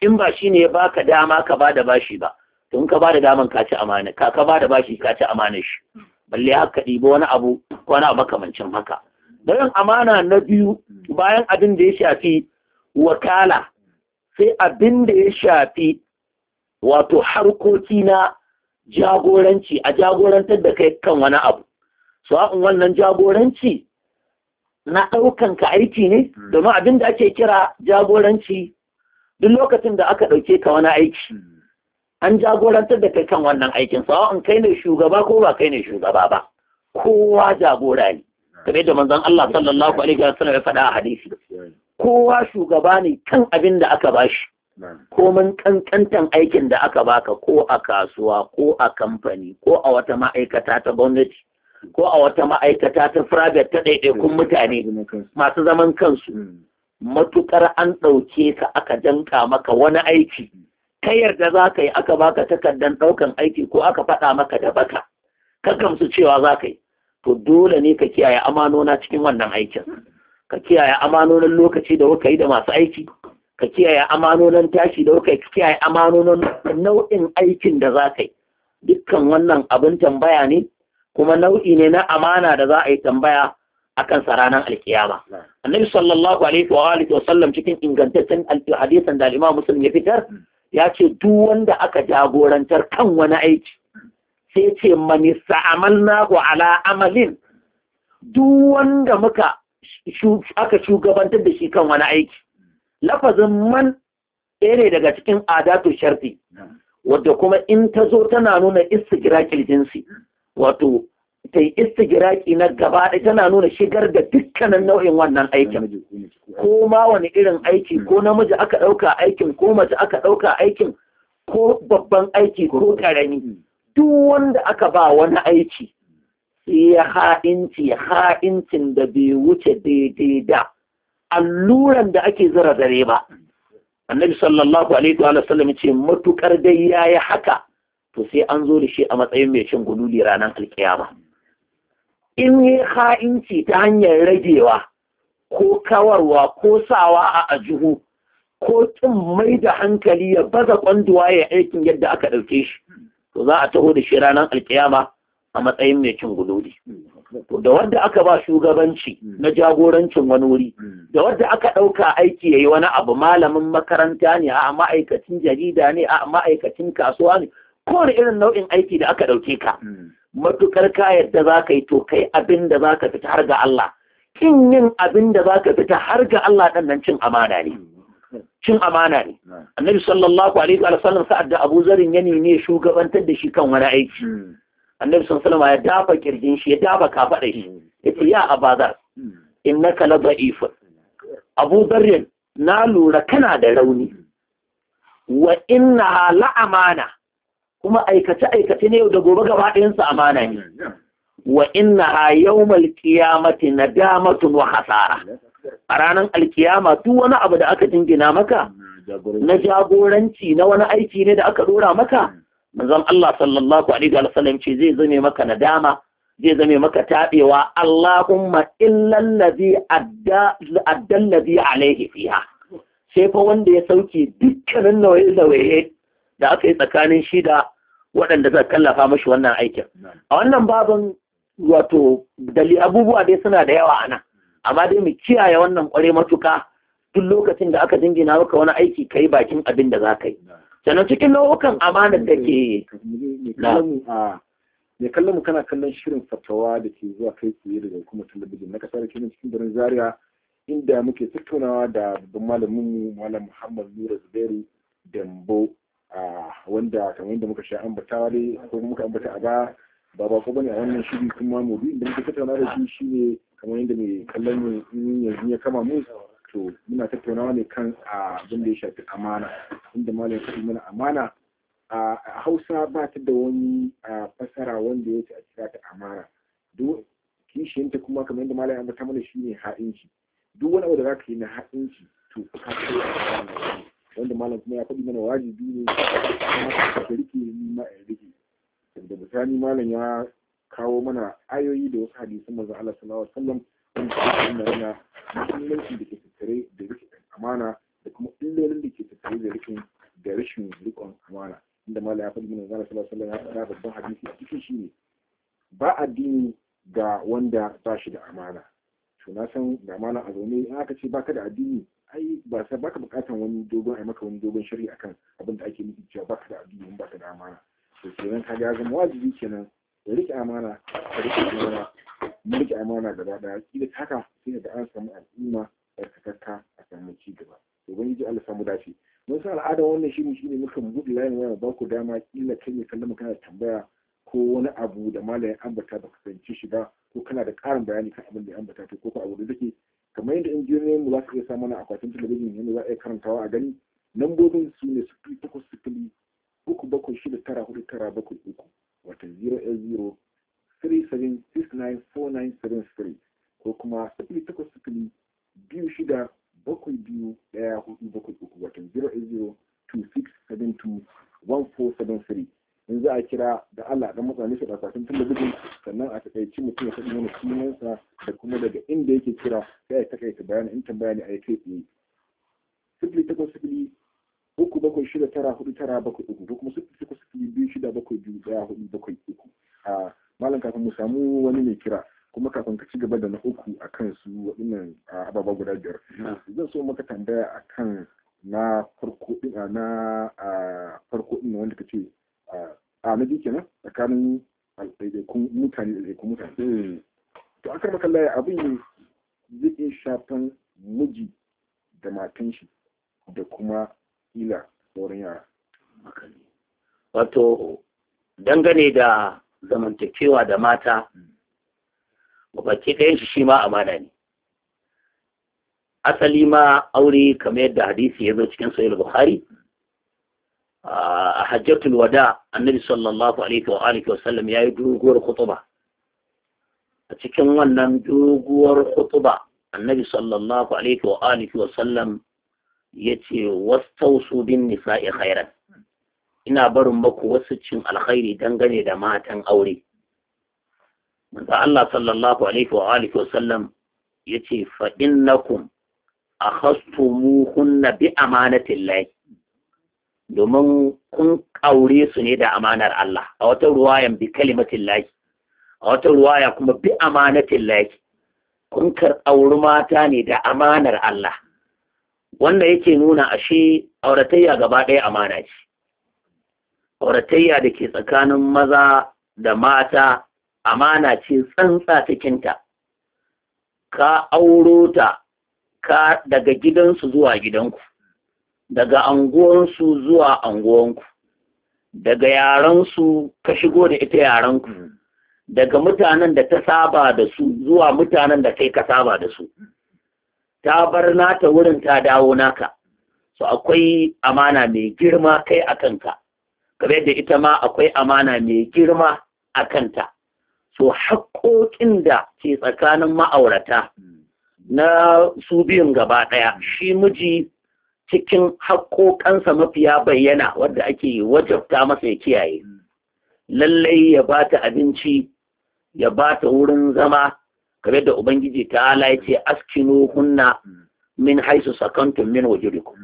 Speaker 2: in ba shi ne ya baka dama ka bada bashi ba to ka bada daman ka ci amana ka ka bada bashi ka ci amana shi balle haka ɗiba wani abu wani abu makamancin haka bayan amana na biyu bayan abin da ya shafi wakala sai abin da ya shafi wato harkoki na jagoranci a jagorantar da kai kan wani abu sawa'un wannan jagoranci na ɗaukan ka aiki ne hmm. domin abin da ake kira jagoranci duk lokacin da aka ɗauke ka wani aiki hmm. an jagorantar da kai kan wannan aikin sawa'un kai ne shugaba ko ba kai ne shugaba ba kowa jagora ne kamar da manzon Allah sallallahu alaihi wa sallam ya faɗa a hadisi kowa shugaba ne kan abin da aka bashi komin kankantan aikin da aka baka ko a kasuwa ko a kamfani ko a wata ma'aikata ta gwamnati ko a wata ma'aikata ta private ta ɗaiɗaikun mutane masu zaman kansu hmm. matukar an ɗauke ka aka danka maka wani aiki ta yarda za ka yi aka baka takardar ɗaukan aiki ko aka faɗa maka da baka ka gamsu cewa za ka yi to dole ne ka kiyaye amanona cikin wannan aikin ka kiyaye amanonin lokaci da kuka yi da masu aiki ka kiyaye amanonin tashi da wuka ka kiyaye amanonin nau'in aikin da za ka yi dukkan wannan abin tambaya ne kuma nau'i ne na amana da za a yi tambaya akan kan ranar alkiyama annabi sallallahu alaihi wa alihi wa sallam cikin ingantaccen hadisan da al Muslim ya fitar ya ce duk wanda aka jagorantar kan wani aiki sai ce mani sa'amalna wa ala amalin duk wanda muka aka shugabantar da shi kan wani aiki lafazin man ɗaya ne daga cikin adatu sharti wadda kuma in ta zo tana nuna istigiraƙil jinsi wato ta yi istigiraƙi na gaba ɗai tana nuna shigar da dukkanin nau'in wannan aikin ko ma wani irin aiki ko hmm. namiji aka ɗauka aikin ko mace aka ɗauka aikin ko babban aiki ko ƙarami duk wanda aka ba wani aiki sai ya ha'inci ha'incin da bai wuce daidai da alluran da ake zira dare ba annabi sallallahu alaihi wa sallam ce matukar dai yayi haka to sai an zo da shi a matsayin mai cin gululi ranar alkiyama in yi ha'inci ta hanyar ragewa ko kawarwa ko sawa a ajihu ko kin mai da hankali ya baza kwanduwa ya aikin yadda aka ɗauke shi to za a taho da shi ranar alkiyama a matsayin mai cin gululi da wanda aka ba shugabanci hmm. na jagorancin wani wuri hmm. da wanda aka ɗauka aiki yayi wani abu malamin makaranta ne a ma'aikacin jarida ne a ma'aikacin kasuwa ne kowane irin nau'in aiki da aka ɗauke ka hmm. matukar ka yadda za ka yi to kai abin da za ka fita har ga Allah kin yin abin da za ka fita har ga Allah ɗan nan cin amana ne cin amana ne annabi sallallahu alaihi wa sallam sa'ad da Abu Zarin ya ne shugabantar da shi kan wani
Speaker 3: aiki
Speaker 2: annabi sun salama ya dafa kirjin shi ya dafa kafaɗa shi Ya ce ya in innaka la da'ifun abu darrin na lura kana da rauni wa inna la amana kuma aikace aikace ne yau da gobe gaba ɗayan sa amana ne wa inna yawmal qiyamati nadamatun wa hasara a ranar alkiyama duk wani abu da aka jingina maka na jagoranci na wani aiki ne da aka dora maka manzon Allah sallallahu alaihi wa sallam ce zai zame maka nadama zai zame maka tabewa Allahumma illa allazi adda allazi alaihi fiha sai fa wanda ya sauke dukkanin nawaye da aka yi tsakanin shi da waɗanda zai kallafa mashi wannan aikin a wannan babin wato dali abubuwa dai suna da yawa ana amma dai mu kiyaye wannan kware matuka duk lokacin da aka jingina maka wani aiki kai bakin abin da za ka yi sannan cikin nau'ukan amanar da ke mai kallon mu
Speaker 1: kana kallon shirin fatawa da ke zuwa kai tsaye daga hukumar talabijin na kasar kenan cikin birnin zaria inda muke tattaunawa da babban malamin mu malam muhammad nura zubairu dambo wanda kamar yadda muka sha ambatawa dai ko muka ambata a baya ba ba ko bane a wannan shiri kuma mu da muke tattaunawa da shi shine kamar yadda mai kallon mu yanzu ya kama mu to muna tattaunawa ne kan abin da ya shafi amana inda malam ya mana amana a hausa ba ta da wani fasara wanda ya ce a kira ta amana duk kishiyanta kuma kamar yadda malam ya ambata mana shi ne ha'inci duk wani abu da za ka yi na ha'inci to ka wanda malam kuma ya faɗi mana wajibi ne kuma ka rike ni ma in rike da bisani malam ya kawo mana ayoyi da wasu hadisan manzon Allah sallallahu alaihi wasallam wanda suke nuna muhimmancin da ke tattare da rikin amana da kuma illolin da ke tattare da rikin da rashin rikon amana inda mala ya faɗi mana zara sallallahu ya faɗa babban hadisi a cikin shi ne. ba addini ga wanda ba shi da amana to na san da amana a zaune in aka ce baka da addini ai ba sai baka bukatan wani dogon ai maka wani dogon shari'a akan abin da ake nufi cewa baka da addini in baka da amana to kenan ka ga zama wajibi kenan ya rike amana ka rike amana mu rike amana gaba daya kila haka sai da an samu al'umma tsarkakakka a samu ci gaba ubangiji Allah samu dace mun san al'adar wannan shi ne muka buɗe layin waya ba ku dama kila kai ne kallon kana tambaya ko wani abu da malayin ambata ba baka fahimci shi ba ko kana da ƙarin bayani kan abin da ya ambata ko ko abu da take kamar yadda injiniyoyin mu za su iya samu na akwatin talabijin yadda za a iya karantawa a gani lambobin su ne sifili takwas sifili uku bakwai shida tara hudu tara bakwai uku wata zero eight zero three seven six nine four nine seven three ko kuma sifili takwas sifili biyu shida bakwai biyu ɗaya hudu bakwai uku watan zero eight zero two six seven two one four seven three in za a kira da Allah dan mutane su da akwatin talabijin sannan a takaici mutum ya faɗi mana sunansa da kuma daga inda yake kira sai a takaita bayani in tambaya ne a yi kai tsaye sifili takwas sifili uku bakwai shida tara hudu tara bakwai uku ko kuma sifili takwas sifili biyu shida bakwai biyu ɗaya hudu bakwai uku a ah, malam kafin mu samu wani mai kira kuma kafin ka ci gaba da na uku a kan su waɗannan ababa guda biyar zan so maka tambaya a kan na farko ɗin na farko ɗin wanda ka ce a na biyu kenan tsakanin ɗaiɗaikun mutane da ɗaiɗaikun mutane hmm. to an karɓa kallaya abin zai iya shafan miji da matan shi da kuma ila sauran yara
Speaker 2: wato dangane da zamantakewa da mata mm. baki ɗayan shi shi ma amana ne asali ma aure kamar yadda hadisi ya zo cikin sahih bukhari a hajjatul wada annabi sallallahu alaihi wa alihi wa sallam yayi doguwar khutba a cikin wannan doguwar khutba annabi sallallahu alaihi wa alihi wa sallam yace wastausu bin nisa'i khairan ina barin maku wasu cin alkhairi dangane da matan aure manzo Allah sallallahu alaihi wa alihi wasallam yace fa innakum akhastumuhunna bi amanatillahi domin kun aure su ne da amanar Allah a wata ruwaya bi kalimatin a wata ruwaya kuma bi amanatin laki kun kar mata ne da amanar Allah wanda yake nuna ashe auratayya gaba ɗaya amana ce auratayya da ke tsakanin maza da mata amana ce tsantsa cikinta ka auro ta ka daga gidansu zuwa gidanku daga anguwansu zuwa anguwanku daga yaransu ka shigo da ita yaranku daga mutanen da ta saba da su zuwa mutanen da kai ka saba da su ta bar nata wurin ta dawo naka so akwai amana mai girma kai a kanka kamar da ita ma akwai amana mai girma a kanta To haƙoƙin da ke tsakanin ma'aurata na su biyun gaba ɗaya shi miji cikin haƙoƙansa mafiya bayyana wadda ake wajabta masa ya kiyaye lallai ya ba ta abinci ya ba ta wurin zama kamar da ubangiji ta ala ya ce askino hunna min haisu sakantun min wajurikum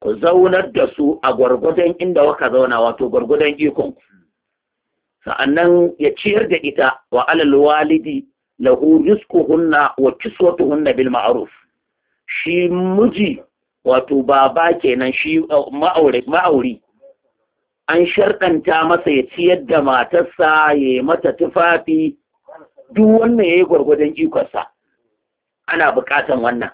Speaker 2: ku zaunar da su a gwargwadon inda waka zauna wato gwargwadon ikon sa'annan ya ciyar da ita wa alal walidi lahu rizquhunna wa kiswatuhunna bil ma'ruf shi muji wato baba kenan shi uh, ma'auri an sharɗanta masa ya ciyar da matarsa ya mata tufafi duk wannan yayi gwargwadon ikonsa ana buƙatan wannan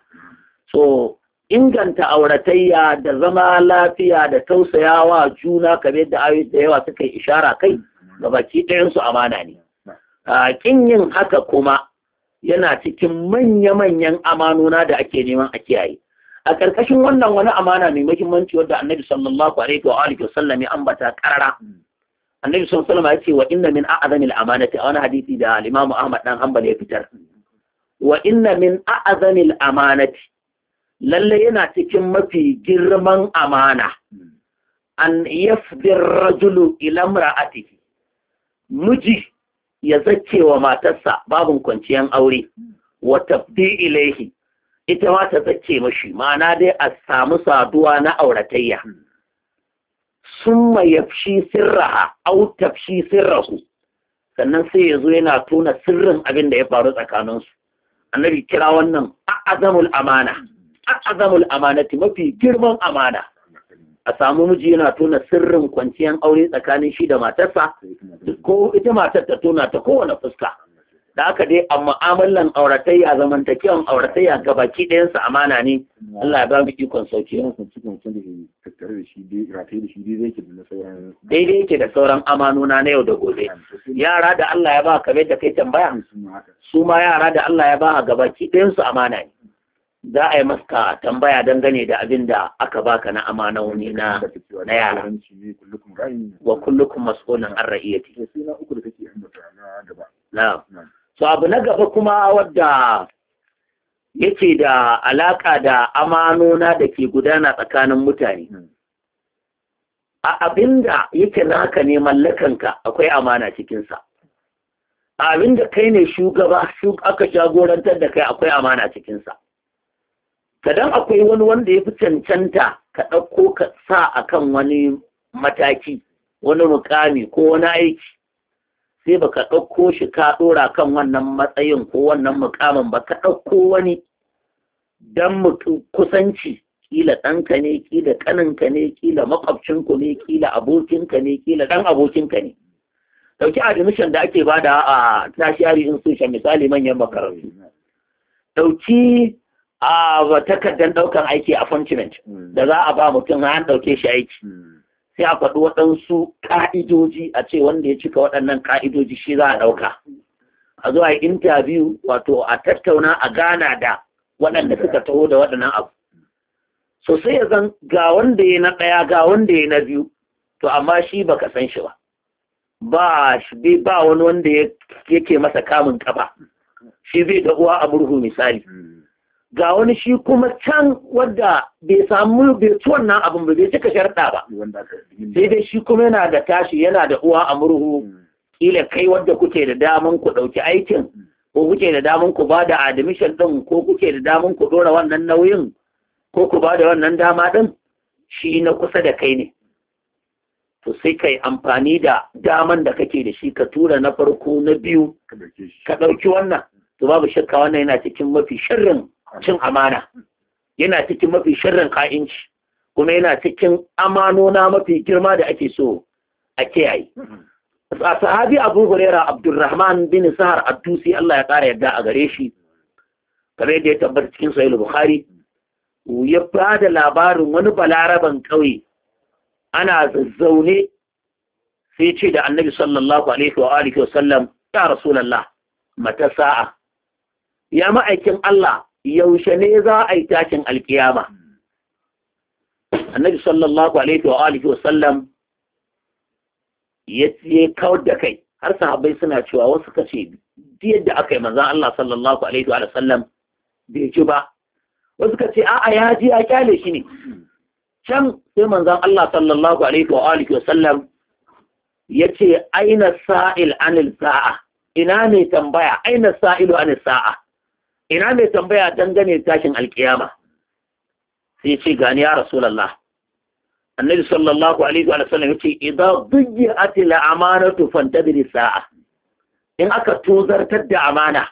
Speaker 2: so inganta auratayya da zama lafiya da tausayawa juna kamar yadda ayoyi da yawa suka yi ishara kai gabaki ɗayansu amana ne ƙin yin haka kuma yana cikin manya-manyan amanuna da ake neman a kiyaye a ƙarƙashin wannan wani amana mai muhimmanci wadda annabi sallallahu alaihi wa alihi wa sallam ya ambata ƙarara. annabi sallallahu alaihi wa ya ce wa inna min a'zamil amanati a wani hadisi da alimamu Ahmad dan Hanbal ya fitar wa inna min a'zamil amanati Lallai yana cikin mafi girman amana an yafdi rajulu ila imra'atihi miji ya zace wa matarsa babin kwanciyar aure wa tafdi ilaihi ita ma ta zace mashi ma'ana dai a samu saduwa na auratayya summa yafshi sirraha au tafshi sirrahu sannan sai ya zo yana tona sirrin abin da ya faru tsakaninsu annabi kira wannan a'azamul amana a'azamul amanati mafi girman amana a samu miji yana tona sirrin kwanciyar aure tsakanin shi da matarsa ko ita matar ta tona ta kowane fuska da aka dai a mu'amalan auratayya zamantakewan auratayya ga baki ɗayansa amana ne Allah ya ba mu ikon sauke daidai yake da sauran amanuna na yau da gobe yara da Allah ya ba ka bai da kai tambaya su ma yara da Allah ya ba a ga baki ɗayansu amana ne za a yi maka tambaya dangane da abin da aka baka na amana wani na na yara wa kullukum mas'ulun an ra'iyati na so abu na gaba kuma wadda yake da alaka da amanona da ke gudana tsakanin mutane a abinda yake naka ne mallakanka akwai amana cikinsa abinda kai ne shugaba aka jagorantar da kai akwai amana cikinsa kadan akwai wani wanda ya fi cancanta ka ɗauko ka sa a kan wani mataki wani mukami ko wani aiki sai ba ka ɗauko shi ka ɗora kan wannan matsayin ko wannan mukamin ba ka ɗauko wani don kusanci kila ɗanka ne kila ƙaninka ne kila maƙwabcinku ne kila abokinka ne kila ɗan abokinka ne ɗauki admission da ake bada a tertiary institution misali manyan makarantu ɗauki a ba takardar ɗaukan aiki appointment da za a ba mutum an ɗauke shi aiki sai a faɗi waɗansu ƙa'idoji a ce wanda ya cika waɗannan ƙa'idoji shi za a ɗauka a zuwa interview wato a tattauna a gana da waɗanda suka taho da waɗannan abu so sai ya zan ga wanda ya na ɗaya ga wanda ya na biyu to amma shi baka san shi ba ba shi ba wani wanda yake masa kamun kaba. shi bai da uwa a murhu misali ga wani shi kuma can wadda bai samu bai ci wannan abin ba bai cika sharɗa ba sai dai shi kuma yana da tashi yana da uwa a murhu hmm. kila kai wadda kuke da daman ku ɗauki aikin ko kuke da daman ku ba da admission ɗin ko kuke da daman ku ɗora wannan nauyin ko ku ba da wannan dama ɗin shi na kusa da kai ne to sai kai amfani da daman da kake da shi ka tura na farko na biyu ka ɗauki wannan to babu shakka wannan yana cikin mafi shirin. cin amana yana cikin mafi shirin ka'inci kuma yana cikin amanona mafi girma da ake so a kiyaye a sahabi abu hurera abdurrahman bin sahar abdusi Allah ya ƙara yadda a gare shi kamar yadda ya tabbata cikin sahih bukhari ya ba da labarin wani balaraban ƙauye ana zazzaune sai ce da annabi sallallahu alaihi wa alihi wa sallam ya rasulullah mata sa'a ya ma'aikin Allah yaushe ne za a yi tashin alkiyama annabi sallallahu alaihi wa alihi wa sallam ya kawar da kai har sahabbai suna cewa wasu ka ce da aka yi manzan Allah sallallahu alaihi wa sallam bai ji ba wasu ka ce a'a ya ji ya kyale shi ne can sai manzan Allah sallallahu alaihi wa alihi wa sallam ya ce aina sa'il anil sa'a ina ne tambaya aina sa'ilu anil sa'a ina mai tambaya dangane tashin alkiyama sai ce gani ya rasulallah annabi sallallahu alaihi wa sallam yace idan dhiyat al amanatu fantadir sa'a in aka tozartar da amana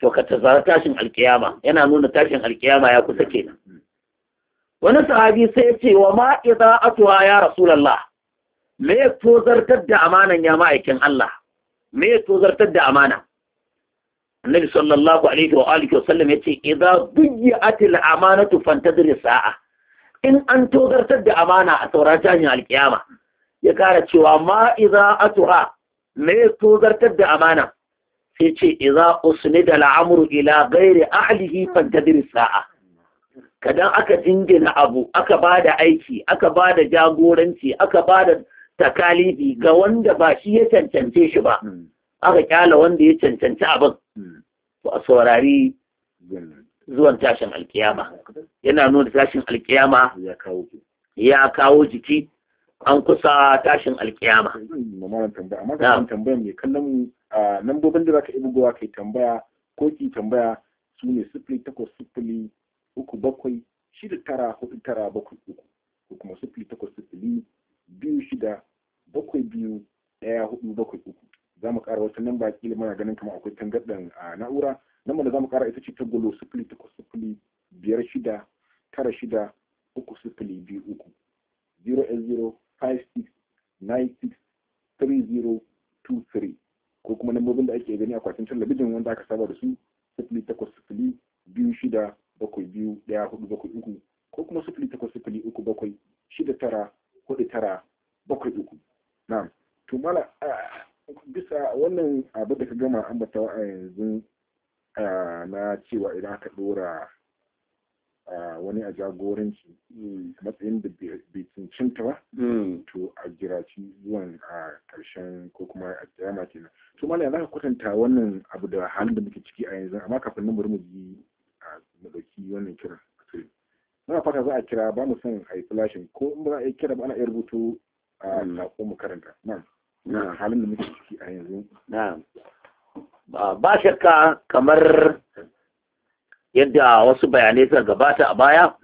Speaker 2: to ka tazara tashin alkiyama yana nuna tashin alkiyama ya kusa kenan wani sahabi sai ya ce wa ma idza ya rasulullah me ya tozartar da amanan ya ma'aikin Allah me ya tozartar da amana annabi sallallahu alaihi wa alihi wasallam yace idza duyyat amanatu fantadir sa'a in an tozartar da amana a saurari tashin alkiyama ya kara cewa ma idza atuha me tozartar da amana sai ce idza usnida al'amru ila ghairi ahlihi fantadir sa'a kadan aka jingina abu aka bada aiki aka bada jagoranci aka bada takalibi ga wanda ba shi ya cancance shi ba hmm. aka kyala wanda ya cancanci abin hmm. to a saurari zuwan tashin alkiyama yana nuna tashin alkiyama ya kawo jiki an kusa tashin alkiyama amma kan tambaya mai kallon
Speaker 1: lambobin da ka iya bugowa kai tambaya ko ki tambaya su ne sifili takwas sifili uku bakwai shida tara hudu tara bakwai uku ko kuma sifili takwas sifili biyu shida bakwai biyu ɗaya hudu bakwai uku za mu ƙara nan baki da muna ganin kamar akwai tangaɗɗan a na'ura namba da za mu ƙara ita ce ta gulo sifili takwas sifili biyar shida tara shida uku sifili biyu uku zero eight zero five six nine six three zero two three ko kuma lambobin da ake gani a akwatin talabijin wanda aka saba da su sifili takwas sifili biyu shida bakwai biyu ɗaya hudu bakwai uku ko kuma sifili takwas sifili uku bakwai shida tara hudu tara bakwai uku na'am to mala bisa wannan abu da ka gama ambatawa a yanzu na cewa idan aka dora wani a jagoranci hmm. matsayin da bai cincinta ba hmm. to a jiraci zuwan a karshen ko kuma a jama kenan to malaya za ka kwatanta wannan abu da halin da muke ciki a yanzu amma kafin nan bari mu ji a madauki wannan kiran muna fata za a kira ba mu son a yi flashin ko in ba a yi kira ba ana iya rubutu
Speaker 2: a hmm. sako mu karanta na'am halin da ba shakka kamar yadda wasu bayanai suka gabata a baya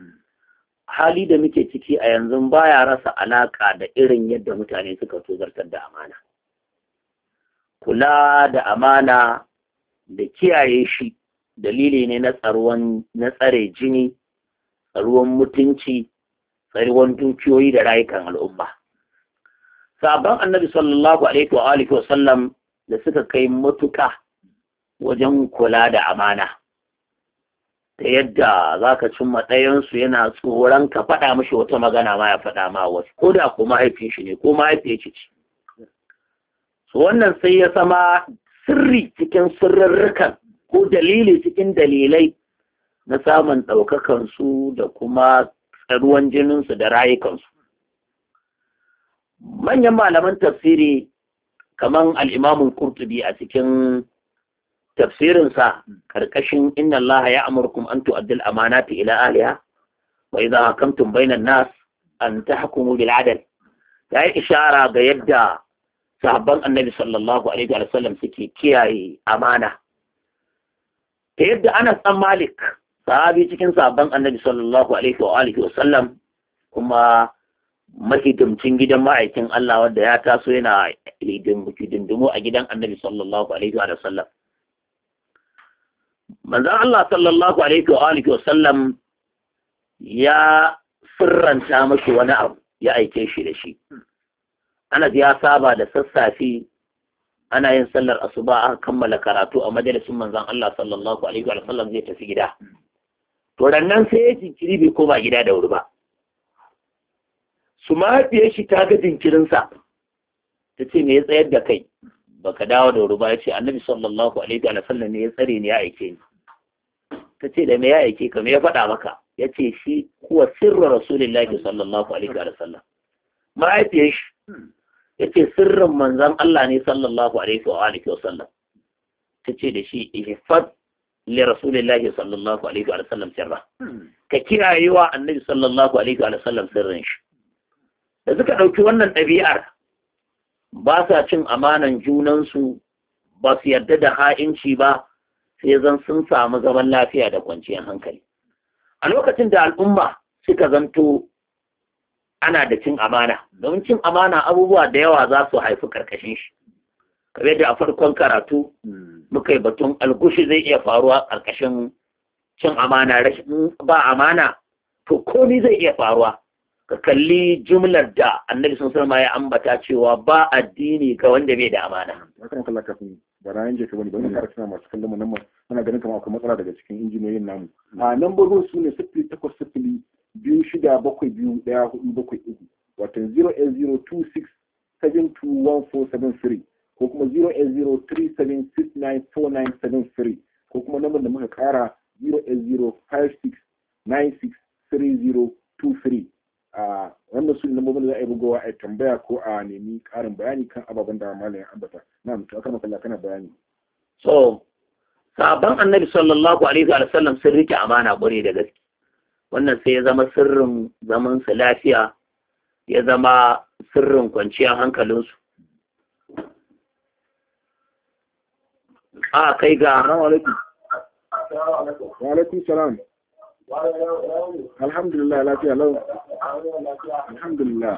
Speaker 2: hali da muke ciki a yanzu baya rasa alaka da irin yadda mutane suka tozartar da amana kula da amana da kiyaye shi dalili ne na tsare jini tsaruwan mutunci tsaruwan dukiyoyi da rayukan al'umma sabon annabi sallallahu alaihi wa alihi wa sallam da suka kai matuka wajen kula da amana ta yadda za ka cimma ɗayansu yana tsoron ka faɗa mashi wata magana ma ya faɗa ma wasu ko da ko mahaifin shi ne ko shi ce so wannan sai ya sama sirri cikin sirrirrikan ko dalili cikin dalilai na samun ɗaukakansu da kuma tsaruwan jininsu da rayukansu manyan malaman tafsiri kaman al'imamun kurtubi a cikin tafsirinsa ƙarƙashin inna Allah ya amurkum an tu'addil amanati ila ahliha wa idza hakamtum bainan nas an tahkumu bil adl ya yi ishara ga yadda sahabban annabi sallallahu alaihi wa sallam suke kiyaye amana ta yadda Anas dan Malik sahabi cikin sahabban annabi sallallahu alaihi wa alihi wa sallam kuma mahidimcin gidan ma'aikin Allah wanda ya taso yana hidindimu a gidan annabi sallallahu alaihi wa sallam Manzan Allah sallallahu alaihi wa alihi wa sallam ya sirranta mashi wani abu ya aike shi da shi Anas ya saba da sassafi. ana yin sallar asuba aka kammala karatu a majalisin manzon Allah sallallahu alaihi wa sallam zai tafi gida to nan sai ya jinkiri bai koma gida da wuri ba su mahaifiyar shi ta ga jinkirinsa ta ce me ya tsayar da kai baka dawo da ruba ya ce annabi sallallahu alaihi wa sallam ne ya tsare ni ya aike ni ta ce da me ya aike ka me ya faɗa maka ya ce shi kuwa sirra rasulillahi sallallahu alaihi wa sallam mahaifiyar shi ya ce sirrin manzan Allah ne sallallahu alaihi wa wa sallam ta ce da shi ihfad li rasulillahi sallallahu alaihi wa sallam sirra ka kiyayewa annabi sallallahu alaihi wa sallam sirrin shi da suka ɗauki wannan ɗabi'ar ba sa cin amanan junansu ba su yarda da ha'inci ba sai zan sun samu zaman lafiya da kwanciyar hankali a lokacin da al'umma suka zanto ana da cin amana domin cin amana abubuwa da yawa za su haifi karkashin shi kamar da a farkon karatu muka yi batun algushi zai iya faruwa karkashin cin amana rashin ba amana to komi zai iya faruwa ka kalli jumlar da annabi sun sama ya ambata cewa ba addini ga wanda bai da amana hakan kallon kafin ba na
Speaker 1: yanke ka ba ina tana masu kallon nan mana ganin kamar akwai matsala daga cikin injiniyoyin namu mm. a lambobin su ne sifili takwas sifili biyu shida bakwai biyu ɗaya hudu bakwai wato zero eight zero ko kuma zero ko kuma lambar da muka kara zero a wannan sun lambobin da za a yi bugowa a tambaya ko a nemi ƙarin bayani kan ababen da malamin ambata na mutu akan makalla kana bayani
Speaker 2: so sabon annabi sallallahu alaihi wa sallam sun rike amana ƙwarai da gaske wannan sai ya zama sirrin zaman su lafiya ya zama sirrin kwanciyar hankalinsu a kai ga wa alaikum salam
Speaker 3: alhamdulillah lafiya lau alhamdulillah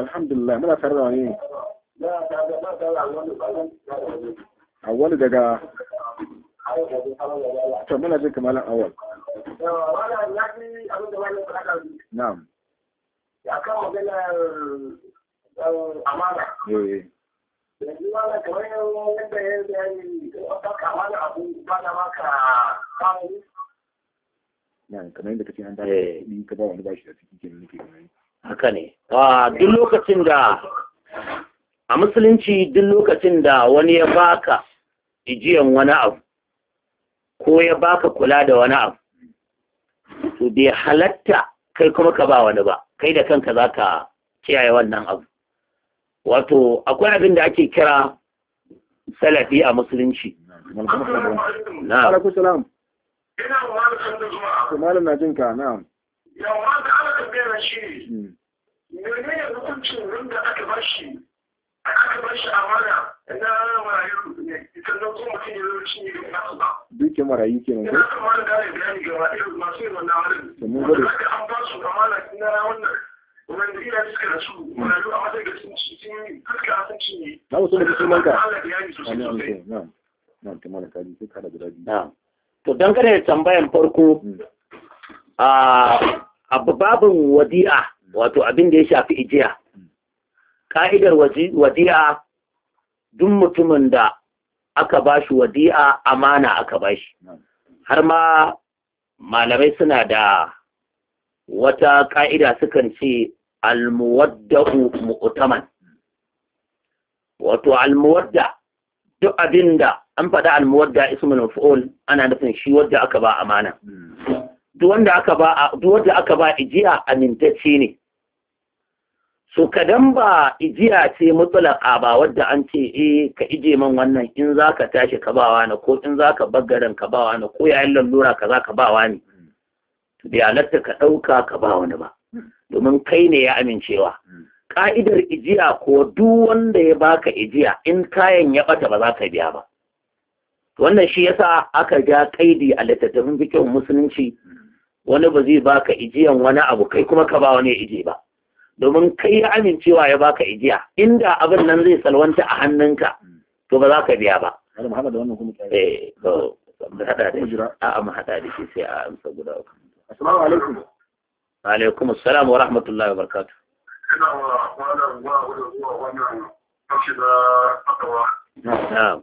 Speaker 3: alhamdulillah muna tare da wani
Speaker 1: awal daga to muna jin kamalan awal na'am
Speaker 3: ya kan maganar amana yanzu wala kamar yadda ya yi amana abu ba da maka kawo
Speaker 2: a haka ne a duk lokacin da a musulunci duk lokacin da wani ya baka ijiyan wani abu ko ya baka kula da wani abu to bai halatta kai kuma ka ba wani ba kai da kanka za ka kiyaye wannan abu wato akwai abin da ake kira salafi a musulunci
Speaker 3: na Ina wa da zuwa.
Speaker 1: Malam na jin ka na'am.
Speaker 3: Yawa da ana tambayar shi. Hmm. ne. ne hukuncin wanda aka bar shi? Aka bar shi amana na marayu ne. Sannan kuma mutum ya zo shi ne da su ba.
Speaker 1: Duke marayu kenan. Ina
Speaker 3: son gane da bayani ga irin masu yin wannan halin. Sannan gudu. Wanda an ba su amana na wannan wanda ina suka rasu hmm. marayu a matsayin da sun sun yi fuska sun Na wasu da su manka. ya yi sosai
Speaker 2: Na'am. Na'am kamar sai ka da Na'am. to dangane da tambayan farko a babin wadi'a wato abin da ya shafi ijiya ka'idar wadi'a duk mutumin da aka ba shi wadi'a amana aka ba shi har ma malamai suna da wata ka'ida sukan ce almuwadda'u mu'taman wato almuwadda duk abin da an faɗa almuwadda ismin maf'ul ana nufin shi wadda aka ba amana duk wanda aka ba duk wanda ijiya amintacce ne so kadan ba ijiya ce mutlaka ba wadda an ce eh ka ije man wannan in zaka tashi ka bawa na ko in zaka baggaran ka bawa na ko yayin lallura ka zaka bawa ne to ka ɗauka ka ba wani ba domin kai ne ya amincewa ka'idar ijiya ko duk wanda ya baka ijiya in kayan ya ɓata ba za ka biya ba wannan shi yasa aka ja kaidi a littattafin bikin musulunci wani ba zai baka ijiyan wani abu kai kuma ka ba wani ije ba domin kai ya amincewa ya baka ijiya inda abin nan zai salwanta a hannunka to ba za ka biya ba eh to da a sai a amsa guda wa wa wa
Speaker 3: wa wa wa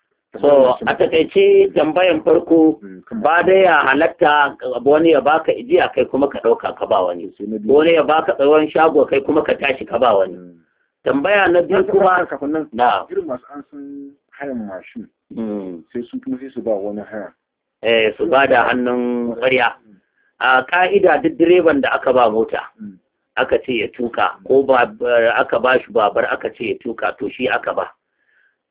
Speaker 2: So a takaice tambayan farko hmm, ba da ya halatta wani ya baka ijiya kai kuma ka ɗauka ka ba wani. Wani ya baka tsawon shago kai kuma ka tashi ka ba wani. Hmm. Tambaya na biyu kuma na irin masu an sun hayan mashin hmm. sai su kuma sai su ba wani haya. Eh su ba da hannun ƙwarya. A ka'ida duk direban da aka ba mota. Aka ce ya tuka ko aka ba shi babar aka ce ya tuka to shi aka ba.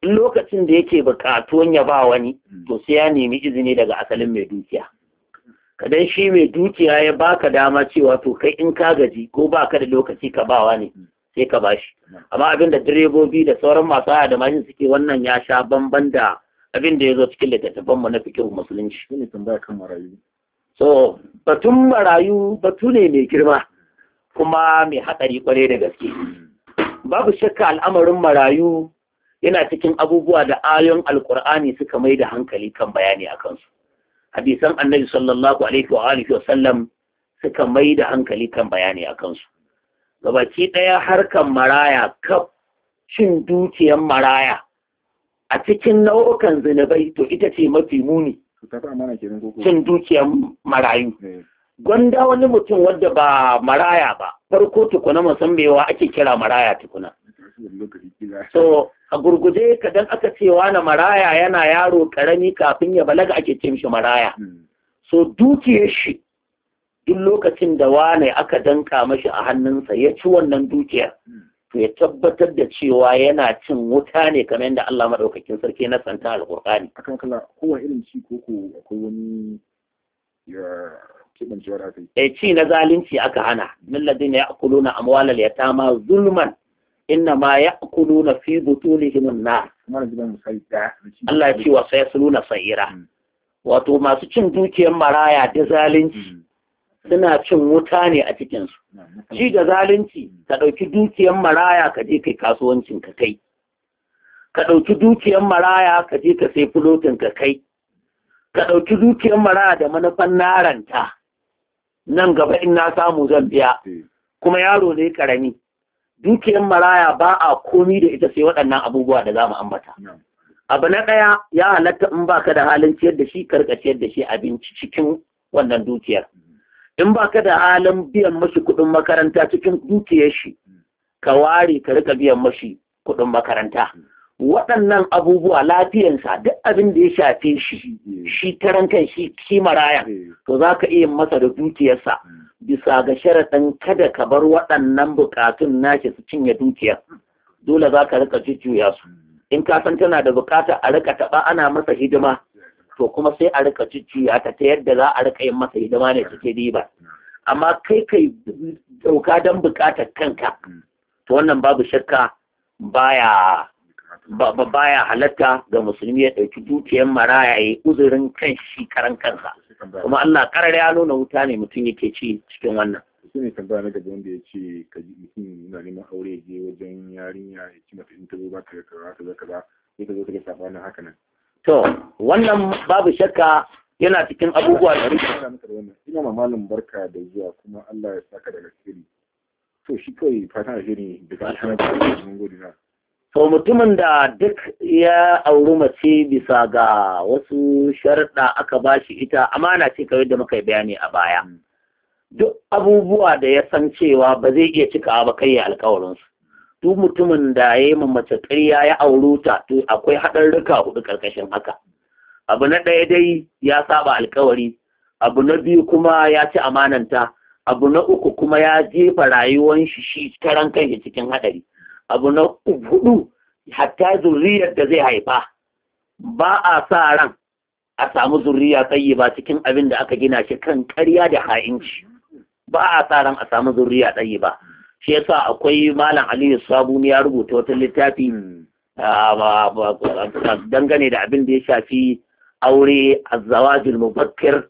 Speaker 2: lokacin da yake bukatuwan ya ba wani hmm. to sai ya nemi izini daga asalin mai dukiya kadan shi mai dukiya ya baka dama cewa to kai in ka gaji ko baka da lokaci ka bawa ne hmm. sai ka bashi hmm. amma abinda direbobi da sauran masu haya da mashin suke wannan ya sha bamban da abin da ya zo cikin littattafan mu na fikihun musulunci ne tambaya kan marayu so batun marayu batu ne mai girma kuma mai hatsari kwarai da gaske babu shakka al'amarin marayu yana cikin abubuwa da ayon alkur'ani suka mai da hankali kan bayani a kansu hadisan annabi sallallahu alaihi wa alihi wa suka mai da hankali kan bayani a kansu gabaki ɗaya harkan maraya kaf cin dukiyan maraya a cikin nau'ukan zinubai to ita ce mafi muni cin dukiyan marayu eh. gwanda wani mutum wanda ba maraya ba farko tukuna musamman ake kira maraya tukuna so a gurguje kadan aka ce wani maraya yana yaro karami kafin ya balaga ake ce mishi maraya hmm. so dukiyar shi duk lokacin da wane aka danka mashi a hannunsa ya ci wannan dukiyar hmm. to ya tabbatar da cewa yana cin wuta ne kamar yadda Allah maɗaukakin sarki na santa alƙur'ani akan kala kowa irin ci ko ko akwai wani ya da aka eh ci na zalunci aka hana min ladina ya'kuluna amwalal yatama zulman inna ma ya'kuluna fi butunihim an na. Allah ya ce wa sayasluna sa'ira mm. wato masu cin dukiyar maraya da zalunci mm. suna cin wuta ne a cikinsu. Ci da zalunci mm. ka ɗauki dukiyar maraya ka je kai kasuwancin ka kai. Ka ɗauki dukiyar maraya ka je ka sai fulotin ka kai. Ka ɗauki dukiyar maraya da manufan naranta nan gaba in na samu zan biya. Eh. Kuma yaro ne karami dukiyar maraya ba a komi da ita sai waɗannan abubuwa da za mu ambata abu na ɗaya ya halatta in ba ka da halin ciyar da shi karka ciyar da shi abinci cikin wannan dukiyar in ba ka da halin biyan mashi kuɗin makaranta cikin dukiyar shi ka ware ka rika biyan mashi kuɗin makaranta waɗannan abubuwa lafiyansa duk abin da ya shafe shi mm. shi taron kan shi shi maraya mm. to za ka iya masa da dukiyarsa mm. bisa ga sharaɗin kada ka bar waɗannan buƙatun nashi su cinye dukiyar dole za ka rika jujjuya su in ka san tana da buƙata a rika taɓa ana masa hidima to kuma sai a rika jujjuya ta ta yadda za a rika yin masa hidima ne take riba amma kai kai dauka don buƙatar kanka to wannan babu shakka baya ba baya halatta ga musulmi ya ɗauki dukiyar maraya ya uzurin kan shi karan kansa kuma Allah karar ya nuna wuta ne mutum yake ci cikin wannan shi ne
Speaker 1: tambaya na gaba wanda ya ce
Speaker 2: ka ji mutum
Speaker 1: yana neman aure je wajen yarinya ya ci mata in ta zo ba ta kaza kaza kaza ya ta zo ta ga sabanin haka nan
Speaker 2: to wannan babu shakka yana cikin abubuwa da rikin
Speaker 1: ina ma malam barka da zuwa kuma
Speaker 2: Allah ya saka daga gaskiya to shi kawai fatan alheri daga alhamdulillah mun gode na to mutumin da duk ya auri mace bisa ga wasu sharaɗa aka ba shi ita amana ce kawai da muka yi bayani a baya hmm. duk abubuwa da ya san cewa ba zai iya cika ba kai ya alkawarinsu duk mutumin da ya yi mace ƙarya ya auri ta to akwai haɗarruka hudu ƙarƙashin haka abu na ɗaya dai ya saba alkawari abu na biyu kuma ya ci amananta abu na uku kuma ya jefa rayuwan shi shi karan kanshi cikin haɗari abu na hudu hatta zuriyar da zai haifa ba a sa ran a samu zuriya tsayi ba cikin abin da aka gina shi kan karya da ha'inci ba a sa ran a samu zurriya tsayi ba shi yasa akwai malam aliyu sabuni ya rubuta wata littafi dangane da abin da ya shafi aure azzawajul mubakkir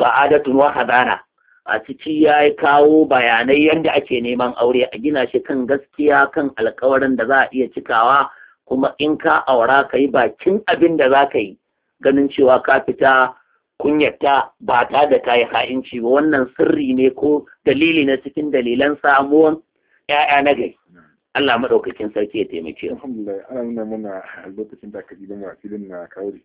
Speaker 2: sa'adatun wa hadana a ciki ya kawo bayanai yadda ake neman aure a gina shi kan gaskiya kan alkawarin da za a iya cikawa kuma in ka aura ka yi bakin abin da za ka yi ganin cewa ka fita kunyata ba ta da ta yi ha'inci ba wannan sirri ne ko dalili na cikin dalilan samuwan 'ya'ya na gari Allah maɗaukakin sarki ya taimake mu. Alhamdulillah ana nuna muna lokacin da ji na kawo da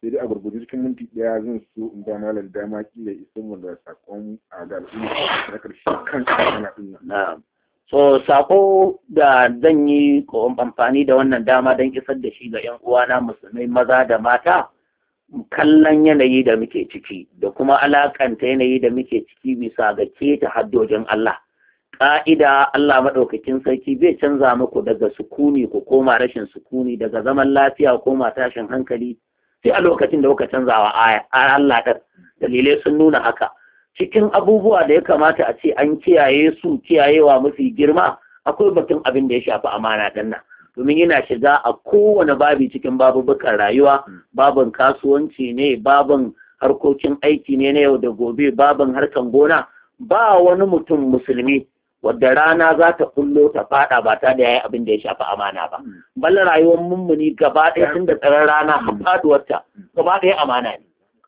Speaker 2: sai dai a gurguje
Speaker 1: cikin minti daya zan so in ba malam dama kila isin mu da sakon a ga al'umma
Speaker 3: na karshe kan kana
Speaker 2: so sako da zan yi amfani da wannan dama don isar da shi ga yan uwana musulmai maza da mata kallon yanayi da muke ciki da kuma alakanta yanayi da muke ciki bisa ga keta haddojin Allah ƙa'ida Allah maɗaukakin sarki bai canza muku daga sukuni ku koma rashin sukuni daga zaman lafiya koma tashin hankali sai a lokacin da kuka canza wa Allah ɗan dalilai sun nuna haka cikin abubuwa da ya kamata a ce an kiyaye su kiyayewa mafi girma akwai batun abin da ya shafi amana ɗan nan domin yana shiga a kowane babi cikin babu babubukan rayuwa babin kasuwanci ne babin harkokin aiki ne na yau da gobe babin harkan gona ba wani mutum musulmi wadda rana za ta kullo ta fada ba ta da ya yi abin da ya shafi amana ba hmm. bal rayuwar mummuni gaba ɗaya tun da tsaron rana har hmm. faduwarta gaba ɗaya amana ne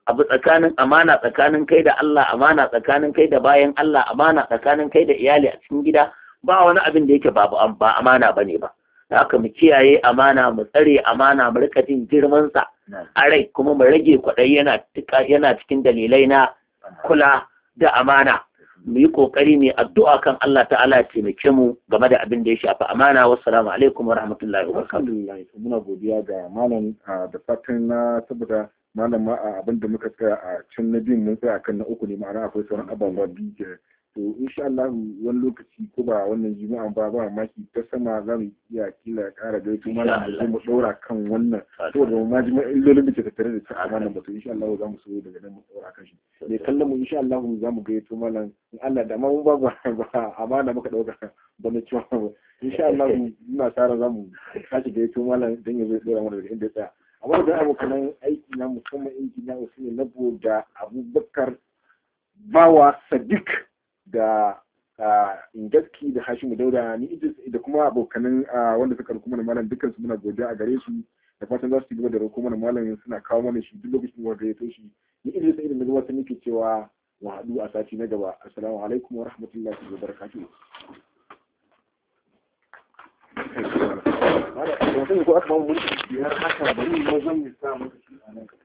Speaker 2: abu tsakanin amana tsakanin kai da Allah amana tsakanin kai da bayan Allah amana tsakanin kai da iyali a cikin gida ba wani abin da yake babu ba amana ne ba haka mu kiyaye amana mu tsare amana mu rika jin girman sa hmm. a rai kuma mu rage kwaɗayi yana yana cikin dalilai na kula da amana mu yi kokari ne addu'a kan Allah ta'ala ya taimake mu game da abin da ya shafa amana wassalamu alaikum wa rahmatullahi wa barakatuh
Speaker 1: muna godiya ga malam da fatan na saboda malam ma abin da muka tsaya a cin na biyun mun tsaya kan na uku ne ma'ana akwai sauran abubuwa biyu to insha Allah wani lokaci ko ba wannan juma'a ba ba maki ta sama za mu iya kila kara da yake mana da mu ɗora kan wannan saboda mu ma maa illolin da ke tattare da ta amana ba to insha Allah za mu so daga nan mu ɗora kan shi ne kallon mu insha Allah za mu ga yato malam in Allah da ma mu ba ba amana muka ɗauka ba na ciwa insha Allah ina tsara za mu sake ga yato malam don ya zo dora mana daga inda ya tsaya amma da abokan aiki na musamman injiniya Usman Labo da Abubakar Bawa Sadiq da gaski da hashimu dauda ni idris da kuma abokanin wanda suka rukuma da malam dukkan su muna godiya a gare su da fatan za su ci gaba da rukuma da malam suna kawo mana shi duk lokacin da ya shi ni idris irin da gabatar nake cewa mu haɗu a sati na gaba assalamu alaikum wa rahmatullahi wa barakatuh ko aka mamu mulki biyar haka bari mu zan
Speaker 3: yi sa muku a nan